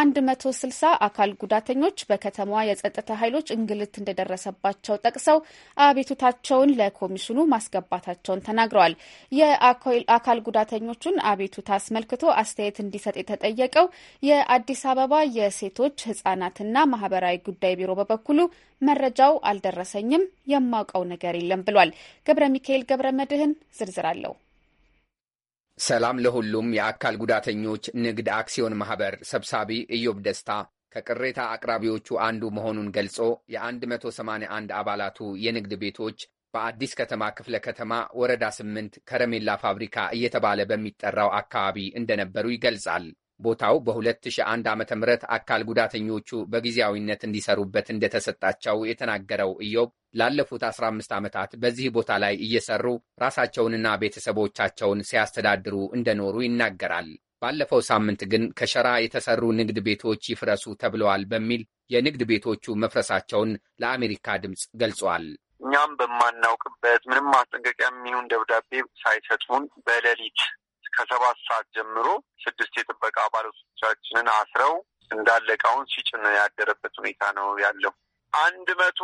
160 አካል ጉዳተኞች በከተማዋ የጸጥታ ኃይሎች እንግልት እንደደረሰባቸው ጠቅሰው አቤቱታቸውን ለኮሚሽኑ ማስገባታቸውን ተናግረዋል። የአካል ጉዳተኞቹን አቤቱታ አስመልክቶ አስተያየት እንዲሰጥ የተጠየቀው የአዲስ አበባ የሴቶች ህጻናትና ማህበራዊ ጉዳይ ቢሮ በበኩሉ መረጃው አልደረሰኝም፣ የማውቀው ነገር የለም ብሏል። ገብረ ሚካኤል ገብረ መድህን ዝርዝር አለው። ሰላም ለሁሉም የአካል ጉዳተኞች ንግድ አክሲዮን ማህበር ሰብሳቢ ኢዮብ ደስታ ከቅሬታ አቅራቢዎቹ አንዱ መሆኑን ገልጾ የ181 አባላቱ የንግድ ቤቶች በአዲስ ከተማ ክፍለ ከተማ ወረዳ ስምንት ከረሜላ ፋብሪካ እየተባለ በሚጠራው አካባቢ እንደነበሩ ይገልጻል። ቦታው በ2001 ዓ ም አካል ጉዳተኞቹ በጊዜያዊነት እንዲሰሩበት እንደተሰጣቸው የተናገረው ኢዮብ ላለፉት 15 ዓመታት በዚህ ቦታ ላይ እየሰሩ ራሳቸውንና ቤተሰቦቻቸውን ሲያስተዳድሩ እንደኖሩ ይናገራል። ባለፈው ሳምንት ግን ከሸራ የተሰሩ ንግድ ቤቶች ይፍረሱ ተብለዋል በሚል የንግድ ቤቶቹ መፍረሳቸውን ለአሜሪካ ድምፅ ገልጿል። እኛም በማናውቅበት ምንም ማስጠንቀቂያ የሚሆን ደብዳቤ ሳይሰጡን በሌሊት ከሰባት ሰዓት ጀምሮ ስድስት የጥበቃ አባላቶቻችንን አስረው እንዳለቀውን ሲጭን ያደረበት ሁኔታ ነው ያለው። አንድ መቶ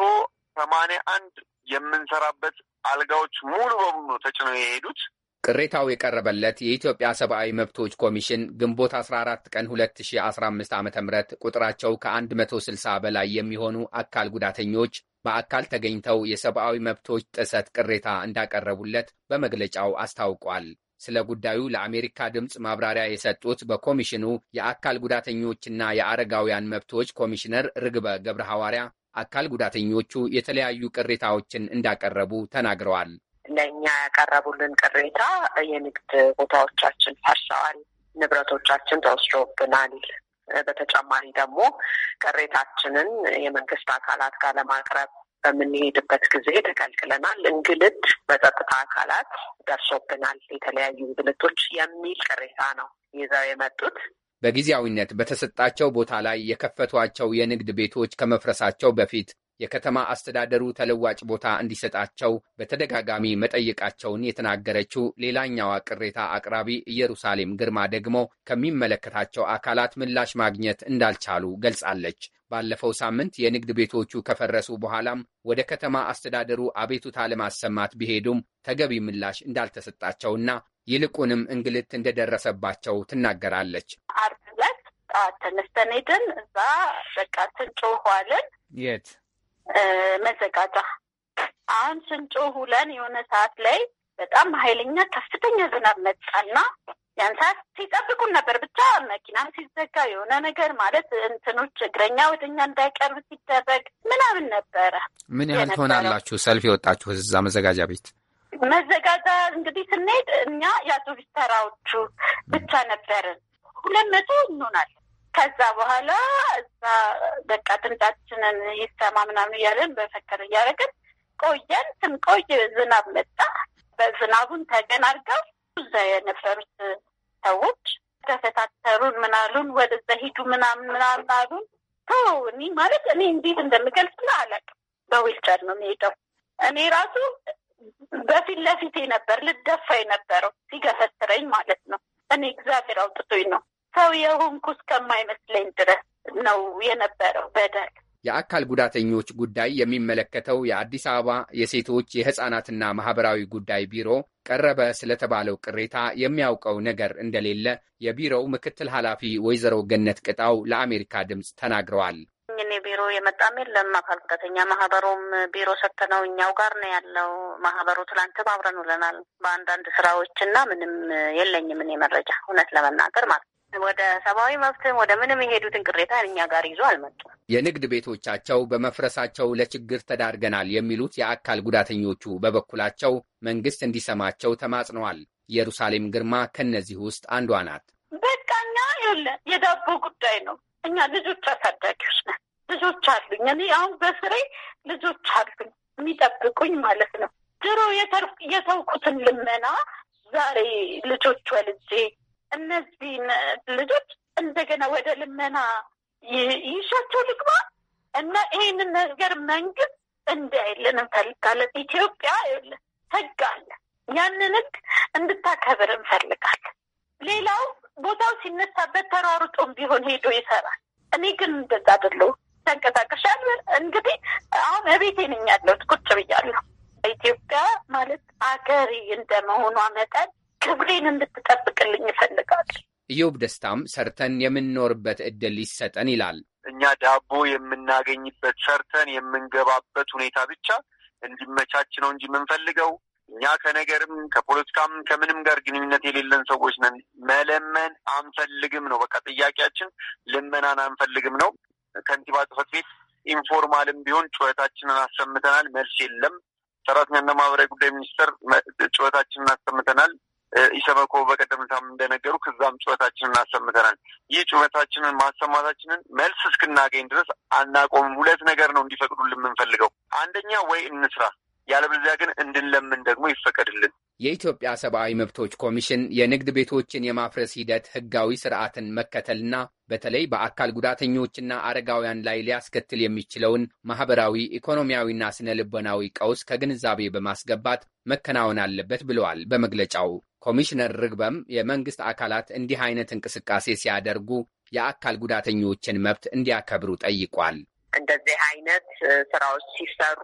ሰማንያ አንድ የምንሰራበት አልጋዎች ሙሉ በሙሉ ተጭነው የሄዱት። ቅሬታው የቀረበለት የኢትዮጵያ ሰብአዊ መብቶች ኮሚሽን ግንቦት 14 ቀን 2015 ዓ ም ቁጥራቸው ከ160 በላይ የሚሆኑ አካል ጉዳተኞች በአካል ተገኝተው የሰብአዊ መብቶች ጥሰት ቅሬታ እንዳቀረቡለት በመግለጫው አስታውቋል። ስለ ጉዳዩ ለአሜሪካ ድምፅ ማብራሪያ የሰጡት በኮሚሽኑ የአካል ጉዳተኞችና የአረጋውያን መብቶች ኮሚሽነር ርግበ ገብረ ሐዋርያ አካል ጉዳተኞቹ የተለያዩ ቅሬታዎችን እንዳቀረቡ ተናግረዋል። ለእኛ ያቀረቡልን ቅሬታ የንግድ ቦታዎቻችን ፈርሰዋል፣ ንብረቶቻችን ተወስዶብናል። በተጨማሪ ደግሞ ቅሬታችንን የመንግስት አካላት ጋር ለማቅረብ በምንሄድበት ጊዜ ተከልክለናል፣ እንግልት በጸጥታ አካላት ደርሶብናል፣ የተለያዩ እንግልቶች የሚል ቅሬታ ነው ይዘው የመጡት። በጊዜያዊነት በተሰጣቸው ቦታ ላይ የከፈቷቸው የንግድ ቤቶች ከመፍረሳቸው በፊት የከተማ አስተዳደሩ ተለዋጭ ቦታ እንዲሰጣቸው በተደጋጋሚ መጠየቃቸውን የተናገረችው ሌላኛዋ ቅሬታ አቅራቢ ኢየሩሳሌም ግርማ ደግሞ ከሚመለከታቸው አካላት ምላሽ ማግኘት እንዳልቻሉ ገልጻለች። ባለፈው ሳምንት የንግድ ቤቶቹ ከፈረሱ በኋላም ወደ ከተማ አስተዳደሩ አቤቱታ ለማሰማት ቢሄዱም ተገቢ ምላሽ እንዳልተሰጣቸውና ይልቁንም እንግልት እንደደረሰባቸው ትናገራለች። አርብ ዕለት ተነስተን ሄድን። እዛ በቃ ኋለን የት መዘጋጃ አሁን ስንጮ ሁለን የሆነ ሰዓት ላይ በጣም ኃይለኛ ከፍተኛ ዝናብ መጣና ያን ሰዓት ሲጠብቁን ነበር። ብቻ መኪናም ሲዘጋ የሆነ ነገር ማለት እንትኖች እግረኛ ወደኛ እንዳይቀርብ ሲደረግ ምናምን ነበረ። ምን ያህል ትሆናላችሁ ሰልፍ የወጣችሁ እዛ መዘጋጃ ቤት? መዘጋጃ እንግዲህ ስንሄድ እኛ የአውቶቡስ ተራዎቹ ብቻ ነበርን። ሁለት መቶ እንሆናለን ከዛ በኋላ እዛ በቃ ድምጻችንን ይሰማ ምናምን እያለን በፈከር እያደረግን ቆየን። ስንቆይ ዝናብ መጣ። በዝናቡን ተገን አድርገው እዛ የነበሩት ሰዎች ተፈታተሩን፣ ምናሉን ወደዛ ሂዱ ምናምን ምናምን አሉን። እኔ ማለት እኔ እንዴት እንደምገልጽ አላውቅም። በዊልቸር ነው የሚሄደው። እኔ ራሱ በፊት ለፊቴ ነበር ልደፋ የነበረው ሲገፈትረኝ ማለት ነው። እኔ እግዚአብሔር አውጥቶኝ ነው ሰው የሆንኩ እስከማይመስለኝ ድረስ ነው የነበረው በደል። የአካል ጉዳተኞች ጉዳይ የሚመለከተው የአዲስ አበባ የሴቶች የሕፃናትና ማህበራዊ ጉዳይ ቢሮ ቀረበ ስለተባለው ቅሬታ የሚያውቀው ነገር እንደሌለ የቢሮው ምክትል ኃላፊ ወይዘሮ ገነት ቅጣው ለአሜሪካ ድምፅ ተናግረዋል። እኔ ቢሮ የመጣም የለም አካል ጉዳተኛ ማህበሩም ቢሮ ሰተነው እኛው ጋር ነው ያለው። ማህበሩ ትላንትም አብረን ውለናል በአንዳንድ ስራዎች እና ምንም የለኝም እኔ መረጃ እውነት ለመናገር ማለት ነው። ወደ ሰብአዊ መብትም ወደ ምንም የሄዱትን ቅሬታ እኛ ጋር ይዞ አልመጡም። የንግድ ቤቶቻቸው በመፍረሳቸው ለችግር ተዳርገናል የሚሉት የአካል ጉዳተኞቹ በበኩላቸው መንግስት እንዲሰማቸው ተማጽነዋል። ኢየሩሳሌም ግርማ ከእነዚህ ውስጥ አንዷ ናት። በቃ እኛ የለ የዳቦ ጉዳይ ነው። እኛ ልጆች አሳዳጊዎች ነን። ልጆች አሉኝ። እኔ አሁን በስሬ ልጆች አሉኝ የሚጠብቁኝ ማለት ነው። ድሮ የተውኩትን ልመና ዛሬ ልጆች ወልጄ እነዚህን ልጆች እንደገና ወደ ልመና ይሻቸው ልግባ እና ይህንን ነገር መንግስት እንዳይልን እንፈልጋለን። ኢትዮጵያ ህግ አለ። ያንን ህግ እንድታከብር እንፈልጋለን። ሌላው ቦታው ሲነሳበት ተሯሩጦም ቢሆን ሄዶ ይሰራል። እኔ ግን እንደዛ አይደለሁም። ተንቀሳቀሻል። እንግዲህ አሁን እቤቴ ነኝ ያለሁት ቁጭ ብያለሁ። ኢትዮጵያ ማለት አገሬ እንደመሆኗ መጠን ክብሬን እንድትጠብቅልኝ ይፈልጋል። ኢዮብ ደስታም ሰርተን የምንኖርበት እድል ይሰጠን ይላል። እኛ ዳቦ የምናገኝበት ሰርተን የምንገባበት ሁኔታ ብቻ እንዲመቻች ነው እንጂ የምንፈልገው እኛ ከነገርም ከፖለቲካም ከምንም ጋር ግንኙነት የሌለን ሰዎች ነን። መለመን አንፈልግም ነው በቃ ጥያቄያችን፣ ልመናን አንፈልግም ነው። ከንቲባ ጽሕፈት ቤት ኢንፎርማልም ቢሆን ጩኸታችንን አሰምተናል፣ መልስ የለም። ሰራተኛና ማህበራዊ ጉዳይ ሚኒስቴር ጩኸታችንን አሰምተናል፣ ኢሰመኮ በቀደም ሳምንት እንደነገሩ ከዛም ጩኸታችንን አሰምተናል። ይህ ጩኸታችንን ማሰማታችንን መልስ እስክናገኝ ድረስ አናቆምም። ሁለት ነገር ነው እንዲፈቅዱልን የምንፈልገው። አንደኛ ወይ እንስራ፣ ያለበለዚያ ግን እንድንለምን ደግሞ ይፈቀድልን። የኢትዮጵያ ሰብአዊ መብቶች ኮሚሽን የንግድ ቤቶችን የማፍረስ ሂደት ህጋዊ ስርዓትን መከተልና በተለይ በአካል ጉዳተኞችና አረጋውያን ላይ ሊያስከትል የሚችለውን ማህበራዊ፣ ኢኮኖሚያዊና ስነ ልቦናዊ ቀውስ ከግንዛቤ በማስገባት መከናወን አለበት ብለዋል በመግለጫው። ኮሚሽነር ርግበም የመንግስት አካላት እንዲህ አይነት እንቅስቃሴ ሲያደርጉ የአካል ጉዳተኞችን መብት እንዲያከብሩ ጠይቋል። እንደዚህ አይነት ስራዎች ሲሰሩ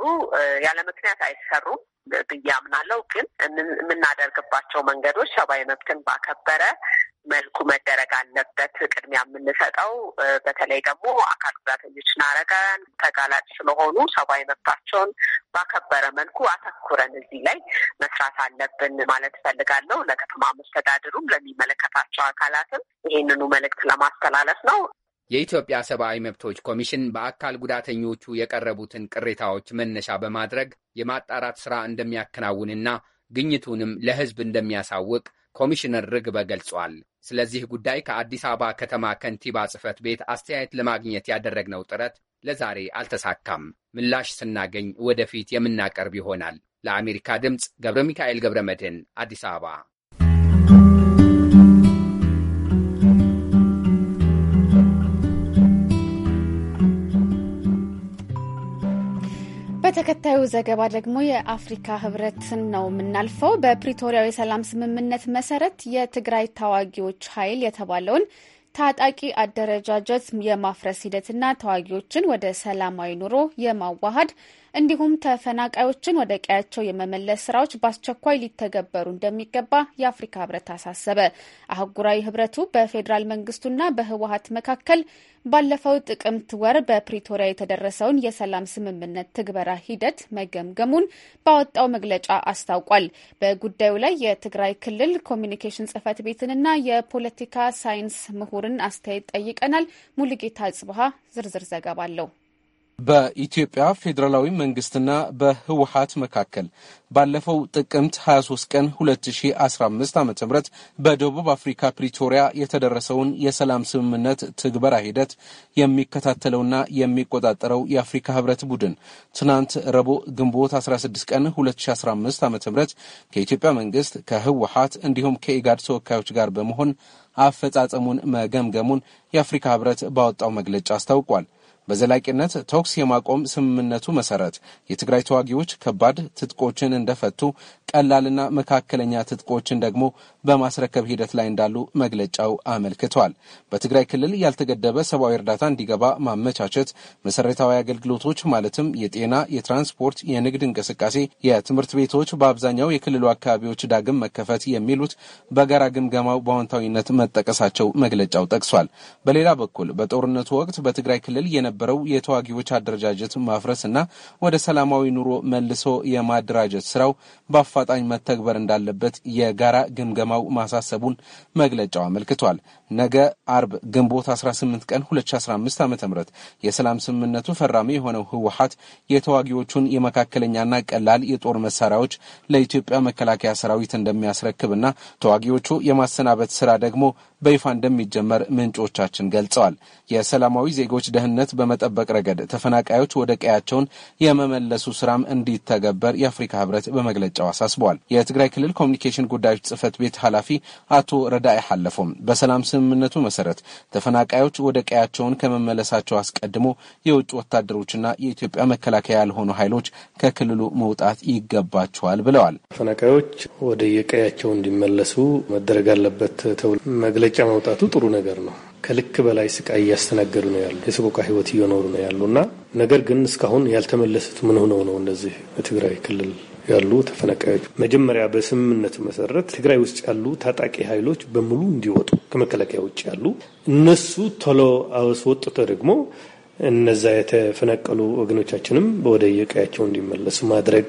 ያለ ምክንያት አይሰሩም ብዬ አምናለሁ። ግን የምናደርግባቸው መንገዶች ሰብአዊ መብትን ባከበረ መልኩ መደረግ አለበት። ቅድሚያ የምንሰጠው በተለይ ደግሞ አካል ጉዳተኞችን፣ አረጋውያን ተጋላጭ ስለሆኑ ሰብአዊ መብታቸውን ባከበረ መልኩ አተኩረን እዚህ ላይ መስራት አለብን ማለት እፈልጋለሁ። ለከተማ መስተዳድሩም ለሚመለከታቸው አካላትም ይህንኑ መልእክት ለማስተላለፍ ነው። የኢትዮጵያ ሰብአዊ መብቶች ኮሚሽን በአካል ጉዳተኞቹ የቀረቡትን ቅሬታዎች መነሻ በማድረግ የማጣራት ሥራ እንደሚያከናውንና ግኝቱንም ለሕዝብ እንደሚያሳውቅ ኮሚሽነር ርግበ ገልጿል። ስለዚህ ጉዳይ ከአዲስ አበባ ከተማ ከንቲባ ጽሕፈት ቤት አስተያየት ለማግኘት ያደረግነው ጥረት ለዛሬ አልተሳካም። ምላሽ ስናገኝ ወደፊት የምናቀርብ ይሆናል። ለአሜሪካ ድምፅ ገብረ ሚካኤል ገብረ መድህን አዲስ አበባ በተከታዩ ዘገባ ደግሞ የአፍሪካ ህብረትን ነው የምናልፈው። በፕሪቶሪያው የሰላም ስምምነት መሰረት የትግራይ ታዋጊዎች ኃይል የተባለውን ታጣቂ አደረጃጀት የማፍረስ ሂደትና ተዋጊዎችን ወደ ሰላማዊ ኑሮ የማዋሃድ እንዲሁም ተፈናቃዮችን ወደ ቀያቸው የመመለስ ስራዎች በአስቸኳይ ሊተገበሩ እንደሚገባ የአፍሪካ ህብረት አሳሰበ። አህጉራዊ ህብረቱ በፌዴራል መንግስቱና በህወሀት መካከል ባለፈው ጥቅምት ወር በፕሪቶሪያ የተደረሰውን የሰላም ስምምነት ትግበራ ሂደት መገምገሙን ባወጣው መግለጫ አስታውቋል። በጉዳዩ ላይ የትግራይ ክልል ኮሚኒኬሽን ጽህፈት ቤትንና የፖለቲካ ሳይንስ ምሁርን አስተያየት ጠይቀናል። ሙሉጌታ ጽብሃ ዝርዝር ዘገባ አለው። በኢትዮጵያ ፌዴራላዊ መንግስትና በህወሀት መካከል ባለፈው ጥቅምት 23 ቀን 2015 ዓ ም በደቡብ አፍሪካ ፕሪቶሪያ የተደረሰውን የሰላም ስምምነት ትግበራ ሂደት የሚከታተለውና የሚቆጣጠረው የአፍሪካ ህብረት ቡድን ትናንት ረቡዕ ግንቦት 16 ቀን 2015 ዓ ም ከኢትዮጵያ መንግስት ከህወሀት እንዲሁም ከኢጋድ ተወካዮች ጋር በመሆን አፈጻጸሙን መገምገሙን የአፍሪካ ህብረት ባወጣው መግለጫ አስታውቋል። በዘላቂነት ተኩስ የማቆም ስምምነቱ መሰረት የትግራይ ተዋጊዎች ከባድ ትጥቆችን እንደፈቱ ቀላልና መካከለኛ ትጥቆችን ደግሞ በማስረከብ ሂደት ላይ እንዳሉ መግለጫው አመልክቷል። በትግራይ ክልል ያልተገደበ ሰብአዊ እርዳታ እንዲገባ ማመቻቸት መሰረታዊ አገልግሎቶች ማለትም የጤና፣ የትራንስፖርት፣ የንግድ እንቅስቃሴ፣ የትምህርት ቤቶች በአብዛኛው የክልሉ አካባቢዎች ዳግም መከፈት የሚሉት በጋራ ግምገማው በአዎንታዊነት መጠቀሳቸው መግለጫው ጠቅሷል። በሌላ በኩል በጦርነቱ ወቅት በትግራይ ክልል የነበረው የተዋጊዎች አደረጃጀት ማፍረስ እና ወደ ሰላማዊ ኑሮ መልሶ የማደራጀት ስራው በአፋጣኝ መተግበር እንዳለበት የጋራ ግምገማ እንዲሰማው ማሳሰቡን መግለጫው አመልክቷል። ነገ አርብ ግንቦት 18 ቀን 2015 ዓ ም የሰላም ስምምነቱ ፈራሚ የሆነው ህወሀት የተዋጊዎቹን የመካከለኛና ቀላል የጦር መሳሪያዎች ለኢትዮጵያ መከላከያ ሰራዊት እንደሚያስረክብና ተዋጊዎቹ የማሰናበት ስራ ደግሞ በይፋ እንደሚጀመር ምንጮቻችን ገልጸዋል። የሰላማዊ ዜጎች ደህንነት በመጠበቅ ረገድ ተፈናቃዮች ወደ ቀያቸውን የመመለሱ ስራም እንዲተገበር የአፍሪካ ህብረት በመግለጫው አሳስበዋል። የትግራይ ክልል ኮሚኒኬሽን ጉዳዮች ጽህፈት ቤት ኃላፊ አቶ ረዳ ሐለፎም በሰላም ስምምነቱ መሰረት ተፈናቃዮች ወደ ቀያቸውን ከመመለሳቸው አስቀድሞ የውጭ ወታደሮችና የኢትዮጵያ መከላከያ ያልሆኑ ኃይሎች ከክልሉ መውጣት ይገባቸዋል ብለዋል። ተፈናቃዮች ወደ የቀያቸው እንዲመለሱ መደረግ አለበት ተብሎ መግለጫ መግለጫ ማውጣቱ ጥሩ ነገር ነው። ከልክ በላይ ስቃይ እያስተናገዱ ነው ያሉ፣ የሰቆቃ ህይወት እየኖሩ ነው ያሉ እና ነገር ግን እስካሁን ያልተመለሱት ምን ሆነው ነው እነዚህ በትግራይ ክልል ያሉ ተፈናቃዮች መጀመሪያ በስምምነት መሰረት ትግራይ ውስጥ ያሉ ታጣቂ ኃይሎች በሙሉ እንዲወጡ ከመከላከያ ውጭ ያሉ እነሱ ቶሎ አስወጥቶ ደግሞ እነዛ የተፈናቀሉ ወገኖቻችንም ወደ የቀያቸው እንዲመለሱ ማድረግ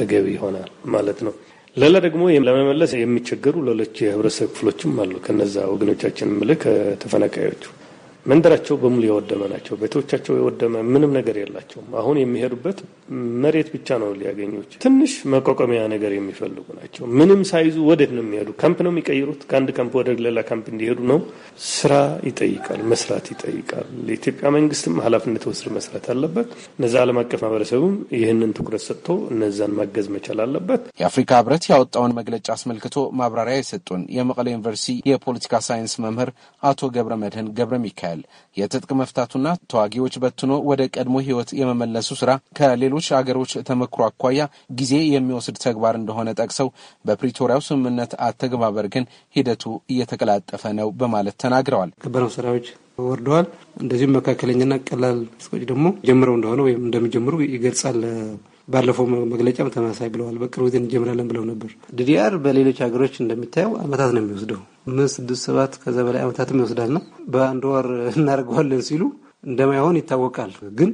ተገቢ ይሆናል ማለት ነው። ሌላ ደግሞ ለመመለስ የሚቸገሩ ሌሎች የህብረተሰብ ክፍሎችም አሉ። ከነዛ ወገኖቻችን ምልክ ከተፈናቃዮቹ መንደራቸው በሙሉ የወደመ ናቸው። ቤቶቻቸው የወደመ ምንም ነገር የላቸውም። አሁን የሚሄዱበት መሬት ብቻ ነው ሊያገኙች ትንሽ መቋቋሚያ ነገር የሚፈልጉ ናቸው። ምንም ሳይዙ ወዴት ነው የሚሄዱ? ካምፕ ነው የሚቀይሩት። ከአንድ ካምፕ ወደ ሌላ ካምፕ እንዲሄዱ ነው። ስራ ይጠይቃል፣ መስራት ይጠይቃል። ለኢትዮጵያ መንግስትም ኃላፊነት ወስድ መስራት አለበት። እነዚ ዓለም አቀፍ ማህበረሰቡም ይህንን ትኩረት ሰጥቶ እነዛን ማገዝ መቻል አለበት። የአፍሪካ ህብረት ያወጣውን መግለጫ አስመልክቶ ማብራሪያ የሰጡን የመቀሌ ዩኒቨርሲቲ የፖለቲካ ሳይንስ መምህር አቶ ገብረ መድህን ገብረ ሚካኤል ይገኛል። የትጥቅ መፍታቱና ተዋጊዎች በትኖ ወደ ቀድሞ ህይወት የመመለሱ ስራ ከሌሎች አገሮች ተመክሮ አኳያ ጊዜ የሚወስድ ተግባር እንደሆነ ጠቅሰው በፕሪቶሪያው ስምምነት አተገባበር ግን ሂደቱ እየተቀላጠፈ ነው በማለት ተናግረዋል። ከባድ ስራዎች ወርደዋል። እንደዚሁም መካከለኛና ቀላል ስቆጭ ደግሞ ጀምረው እንደሆነ ወይም እንደሚጀምሩ ይገልጻል። ባለፈው መግለጫ ተመሳሳይ ብለዋል። በቅርብ ጊዜ እንጀምራለን ብለው ነበር። ዲዲአር በሌሎች ሀገሮች እንደሚታየው አመታት ነው የሚወስደው ምን ስድስት ሰባት ከዛ በላይ ዓመታትም ይወስዳል ነው በአንድ ወር እናደርገዋለን ሲሉ እንደማይሆን ይታወቃል። ግን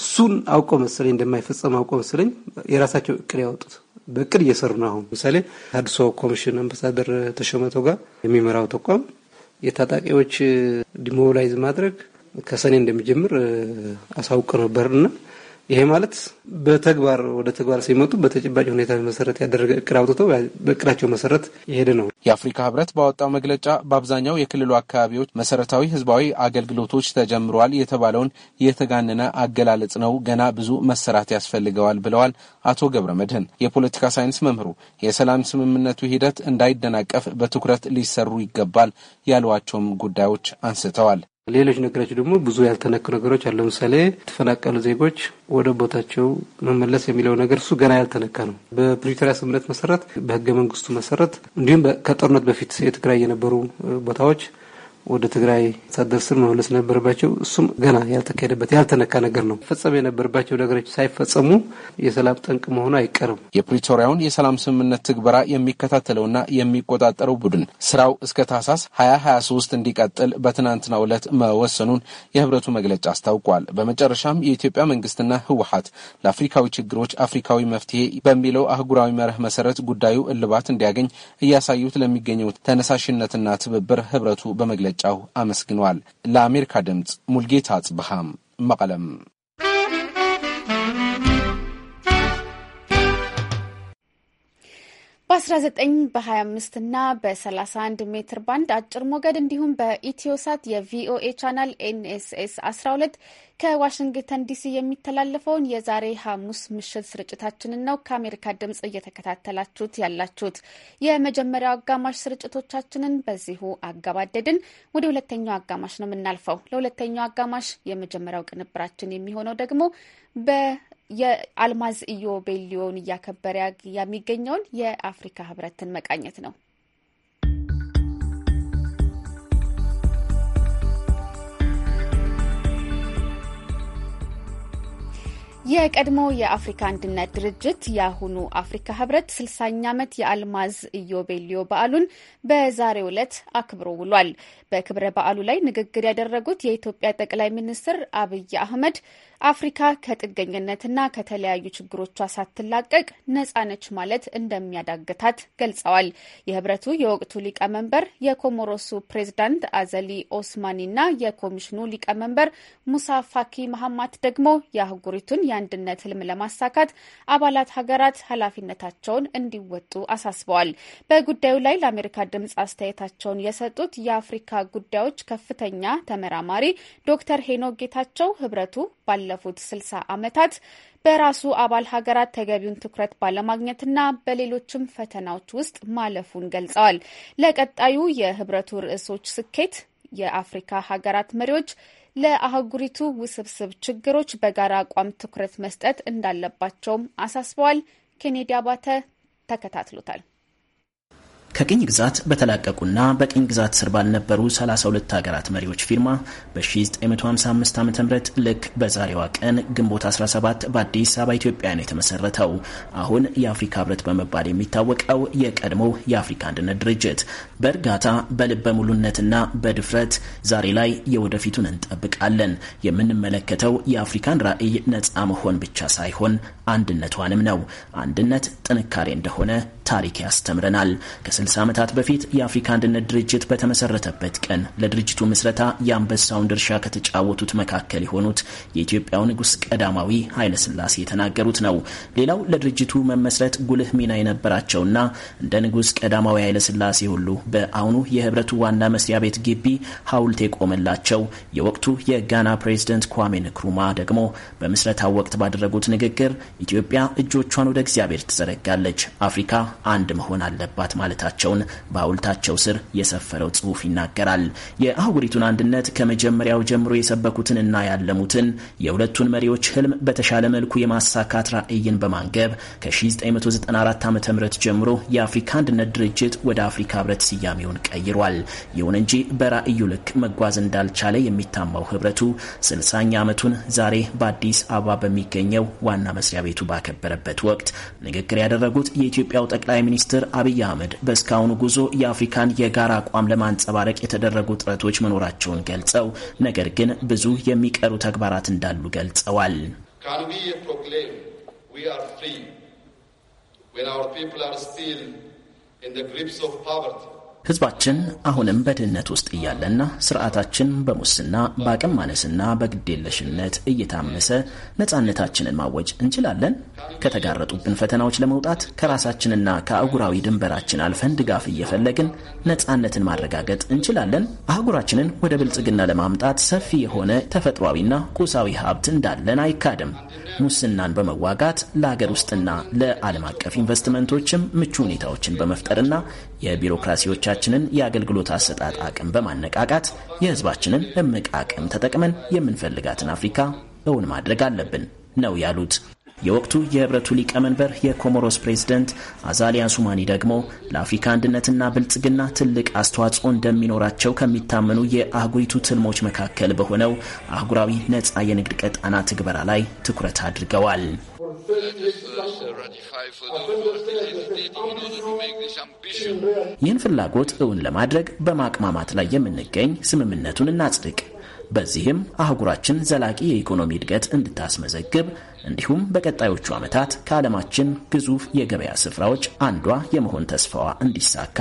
እሱን አውቆ መሰለኝ እንደማይፈጸም አውቆ መሰለኝ የራሳቸው እቅድ ያወጡት በእቅድ እየሰሩ ነው። አሁን ምሳሌ አዲሷ ኮሚሽን አምባሳደር ተሾመቶ ጋር የሚመራው ተቋም የታጣቂዎች ዲሞቢላይዝ ማድረግ ከሰኔ እንደሚጀምር አሳውቀ ነበርና ይሄ ማለት በተግባር ወደ ተግባር ሲመጡ በተጨባጭ ሁኔታ መሰረት ያደረገ እቅድ አውጥቶ በእቅዳቸው መሰረት የሄደ ነው። የአፍሪካ ህብረት ባወጣው መግለጫ በአብዛኛው የክልሉ አካባቢዎች መሰረታዊ ህዝባዊ አገልግሎቶች ተጀምረዋል የተባለውን የተጋነነ አገላለጽ ነው፣ ገና ብዙ መሰራት ያስፈልገዋል ብለዋል አቶ ገብረ መድህን የፖለቲካ ሳይንስ መምህሩ። የሰላም ስምምነቱ ሂደት እንዳይደናቀፍ በትኩረት ሊሰሩ ይገባል ያሏቸውም ጉዳዮች አንስተዋል። ሌሎች ነገሮች ደግሞ ብዙ ያልተነኩ ነገሮች አሉ። ለምሳሌ የተፈናቀሉ ዜጎች ወደ ቦታቸው መመለስ የሚለው ነገር እሱ ገና ያልተነካ ነው። በፕሪቶሪያ ስምምነት መሰረት፣ በህገ መንግስቱ መሰረት እንዲሁም ከጦርነት በፊት የትግራይ የነበሩ ቦታዎች ወደ ትግራይ ወታደር ስር መመለስ ነበረባቸው። እሱም ገና ያልተካሄደበት ያልተነካ ነገር ነው። ፈጸም የነበረባቸው ነገሮች ሳይፈጸሙ የሰላም ጠንቅ መሆኑ አይቀርም። የፕሪቶሪያውን የሰላም ስምምነት ትግበራ የሚከታተለውና የሚቆጣጠረው ቡድን ስራው እስከ ታህሳስ 2023 እንዲቀጥል በትናንትናው ዕለት መወሰኑን የህብረቱ መግለጫ አስታውቋል። በመጨረሻም የኢትዮጵያ መንግስትና ህወሀት ለአፍሪካዊ ችግሮች አፍሪካዊ መፍትሄ በሚለው አህጉራዊ መርህ መሰረት ጉዳዩ እልባት እንዲያገኝ እያሳዩት ለሚገኘው ተነሳሽነትና ትብብር ህብረቱ በመግለ መግለጫው አመስግኗል። ለአሜሪካ ድምፅ ሙልጌታ አጽብሃም መቀለም በ19 በ25 እና በ31 ሜትር ባንድ አጭር ሞገድ እንዲሁም በኢትዮሳት የቪኦኤ ቻናል ኤንኤስኤስ 12 ከዋሽንግተን ዲሲ የሚተላለፈውን የዛሬ ሐሙስ ምሽት ስርጭታችንን ነው ከአሜሪካ ድምፅ እየተከታተላችሁት ያላችሁት። የመጀመሪያው አጋማሽ ስርጭቶቻችንን በዚሁ አገባደድን። ወደ ሁለተኛው አጋማሽ ነው የምናልፈው። ለሁለተኛው አጋማሽ የመጀመሪያው ቅንብራችን የሚሆነው ደግሞ በ የአልማዝ ኢዮቤልዩን እያከበረ የሚገኘውን የአፍሪካ ህብረትን መቃኘት ነው። የቀድሞ የአፍሪካ አንድነት ድርጅት የአሁኑ አፍሪካ ህብረት ስልሳኛ ዓመት የአልማዝ ኢዮቤልዮ በዓሉን በዛሬው ዕለት አክብሮ ውሏል። በክብረ በዓሉ ላይ ንግግር ያደረጉት የኢትዮጵያ ጠቅላይ ሚኒስትር አብይ አህመድ አፍሪካ ከጥገኝነትና ከተለያዩ ችግሮቿ ሳትላቀቅ ነጻነች ማለት እንደሚያዳግታት ገልጸዋል። የህብረቱ የወቅቱ ሊቀመንበር የኮሞሮሱ ፕሬዝዳንት አዘሊ ኦስማኒና የኮሚሽኑ ሊቀመንበር ሙሳ ፋኪ መሐማት ደግሞ የአህጉሪቱን የአንድነት ህልም ለማሳካት አባላት ሀገራት ኃላፊነታቸውን እንዲወጡ አሳስበዋል። በጉዳዩ ላይ ለአሜሪካ ድምጽ አስተያየታቸውን የሰጡት የአፍሪካ ጉዳዮች ከፍተኛ ተመራማሪ ዶክተር ሄኖ ጌታቸው ህብረቱ ባለ ባለፉት ስልሳ ዓመታት በራሱ አባል ሀገራት ተገቢውን ትኩረት ባለማግኘትና በሌሎችም ፈተናዎች ውስጥ ማለፉን ገልጸዋል። ለቀጣዩ የህብረቱ ርዕሶች ስኬት የአፍሪካ ሀገራት መሪዎች ለአህጉሪቱ ውስብስብ ችግሮች በጋራ አቋም ትኩረት መስጠት እንዳለባቸውም አሳስበዋል። ኬኔዲ አባተ ተከታትሎታል። ከቅኝ ግዛት በተላቀቁና በቅኝ ግዛት ስር ባልነበሩ 32 ሀገራት መሪዎች ፊርማ በ1955 ዓ ም ልክ በዛሬዋ ቀን ግንቦት 17 በአዲስ አበባ ኢትዮጵያ ነው የተመሰረተው አሁን የአፍሪካ ህብረት በመባል የሚታወቀው የቀድሞው የአፍሪካ አንድነት ድርጅት። በእርጋታ በልበ ሙሉነትና በድፍረት ዛሬ ላይ የወደፊቱን እንጠብቃለን። የምንመለከተው የአፍሪካን ራዕይ ነፃ መሆን ብቻ ሳይሆን አንድነቷንም ነው። አንድነት ጥንካሬ እንደሆነ ታሪክ ያስተምረናል። ከ60 ዓመታት በፊት የአፍሪካ አንድነት ድርጅት በተመሰረተበት ቀን ለድርጅቱ ምስረታ የአንበሳውን ድርሻ ከተጫወቱት መካከል የሆኑት የኢትዮጵያው ንጉሥ ቀዳማዊ ኃይለሥላሴ የተናገሩት ነው። ሌላው ለድርጅቱ መመስረት ጉልህ ሚና የነበራቸውና እንደ ንጉሥ ቀዳማዊ ኃይለሥላሴ ሁሉ በአሁኑ የህብረቱ ዋና መስሪያ ቤት ግቢ ሐውልት የቆመላቸው የወቅቱ የጋና ፕሬዝደንት ኳሜ ንክሩማ ደግሞ በምስረታው ወቅት ባደረጉት ንግግር ኢትዮጵያ እጆቿን ወደ እግዚአብሔር ትዘረጋለች፣ አፍሪካ አንድ መሆን አለባት ማለታቸውን በሐውልታቸው ስር የሰፈረው ጽሑፍ ይናገራል። የአህጉሪቱን አንድነት ከመጀመሪያው ጀምሮ የሰበኩትንና ያለሙትን የሁለቱን መሪዎች ህልም በተሻለ መልኩ የማሳካት ራዕይን በማንገብ ከ1994 ዓ ም ጀምሮ የአፍሪካ አንድነት ድርጅት ወደ አፍሪካ ህብረት ስያሜውን ቀይሯል። ይሁን እንጂ በራዕዩ ልክ መጓዝ እንዳልቻለ የሚታማው ህብረቱ ስልሳኛ ዓመቱን ዛሬ በአዲስ አበባ በሚገኘው ዋና መስሪያ ቤቱ ባከበረበት ወቅት ንግግር ያደረጉት የኢትዮጵያው ጠቅላይ ሚኒስትር አብይ አህመድ በእስካሁኑ ጉዞ የአፍሪካን የጋራ አቋም ለማንጸባረቅ የተደረጉ ጥረቶች መኖራቸውን ገልጸው ነገር ግን ብዙ የሚቀሩ ተግባራት እንዳሉ ገልጸዋል። ን ህዝባችን አሁንም በድህነት ውስጥ እያለና ስርዓታችን በሙስና በአቅም ማነስና በግዴለሽነት እየታመሰ ነፃነታችንን ማወጅ እንችላለን? ከተጋረጡብን ፈተናዎች ለመውጣት ከራሳችንና ከአህጉራዊ ድንበራችን አልፈን ድጋፍ እየፈለግን ነፃነትን ማረጋገጥ እንችላለን? አህጉራችንን ወደ ብልጽግና ለማምጣት ሰፊ የሆነ ተፈጥሯዊና ቁሳዊ ሀብት እንዳለን አይካድም። ሙስናን በመዋጋት ለአገር ውስጥና ለዓለም አቀፍ ኢንቨስትመንቶችም ምቹ ሁኔታዎችን በመፍጠርና የቢሮክራሲዎቻችንን የአገልግሎት አሰጣጥ አቅም በማነቃቃት የህዝባችንን እምቅ አቅም ተጠቅመን የምንፈልጋትን አፍሪካ እውን ማድረግ አለብን ነው ያሉት። የወቅቱ የህብረቱ ሊቀመንበር የኮሞሮስ ፕሬዝደንት አዛሊያ ሱማኒ ደግሞ ለአፍሪካ አንድነትና ብልጽግና ትልቅ አስተዋጽኦ እንደሚኖራቸው ከሚታመኑ የአህጉሪቱ ትልሞች መካከል በሆነው አህጉራዊ ነጻ የንግድ ቀጣና ትግበራ ላይ ትኩረት አድርገዋል። ይህን ፍላጎት እውን ለማድረግ በማቅማማት ላይ የምንገኝ ስምምነቱን እናጽድቅ። በዚህም አህጉራችን ዘላቂ የኢኮኖሚ እድገት እንድታስመዘግብ እንዲሁም በቀጣዮቹ ዓመታት ከዓለማችን ግዙፍ የገበያ ስፍራዎች አንዷ የመሆን ተስፋዋ እንዲሳካ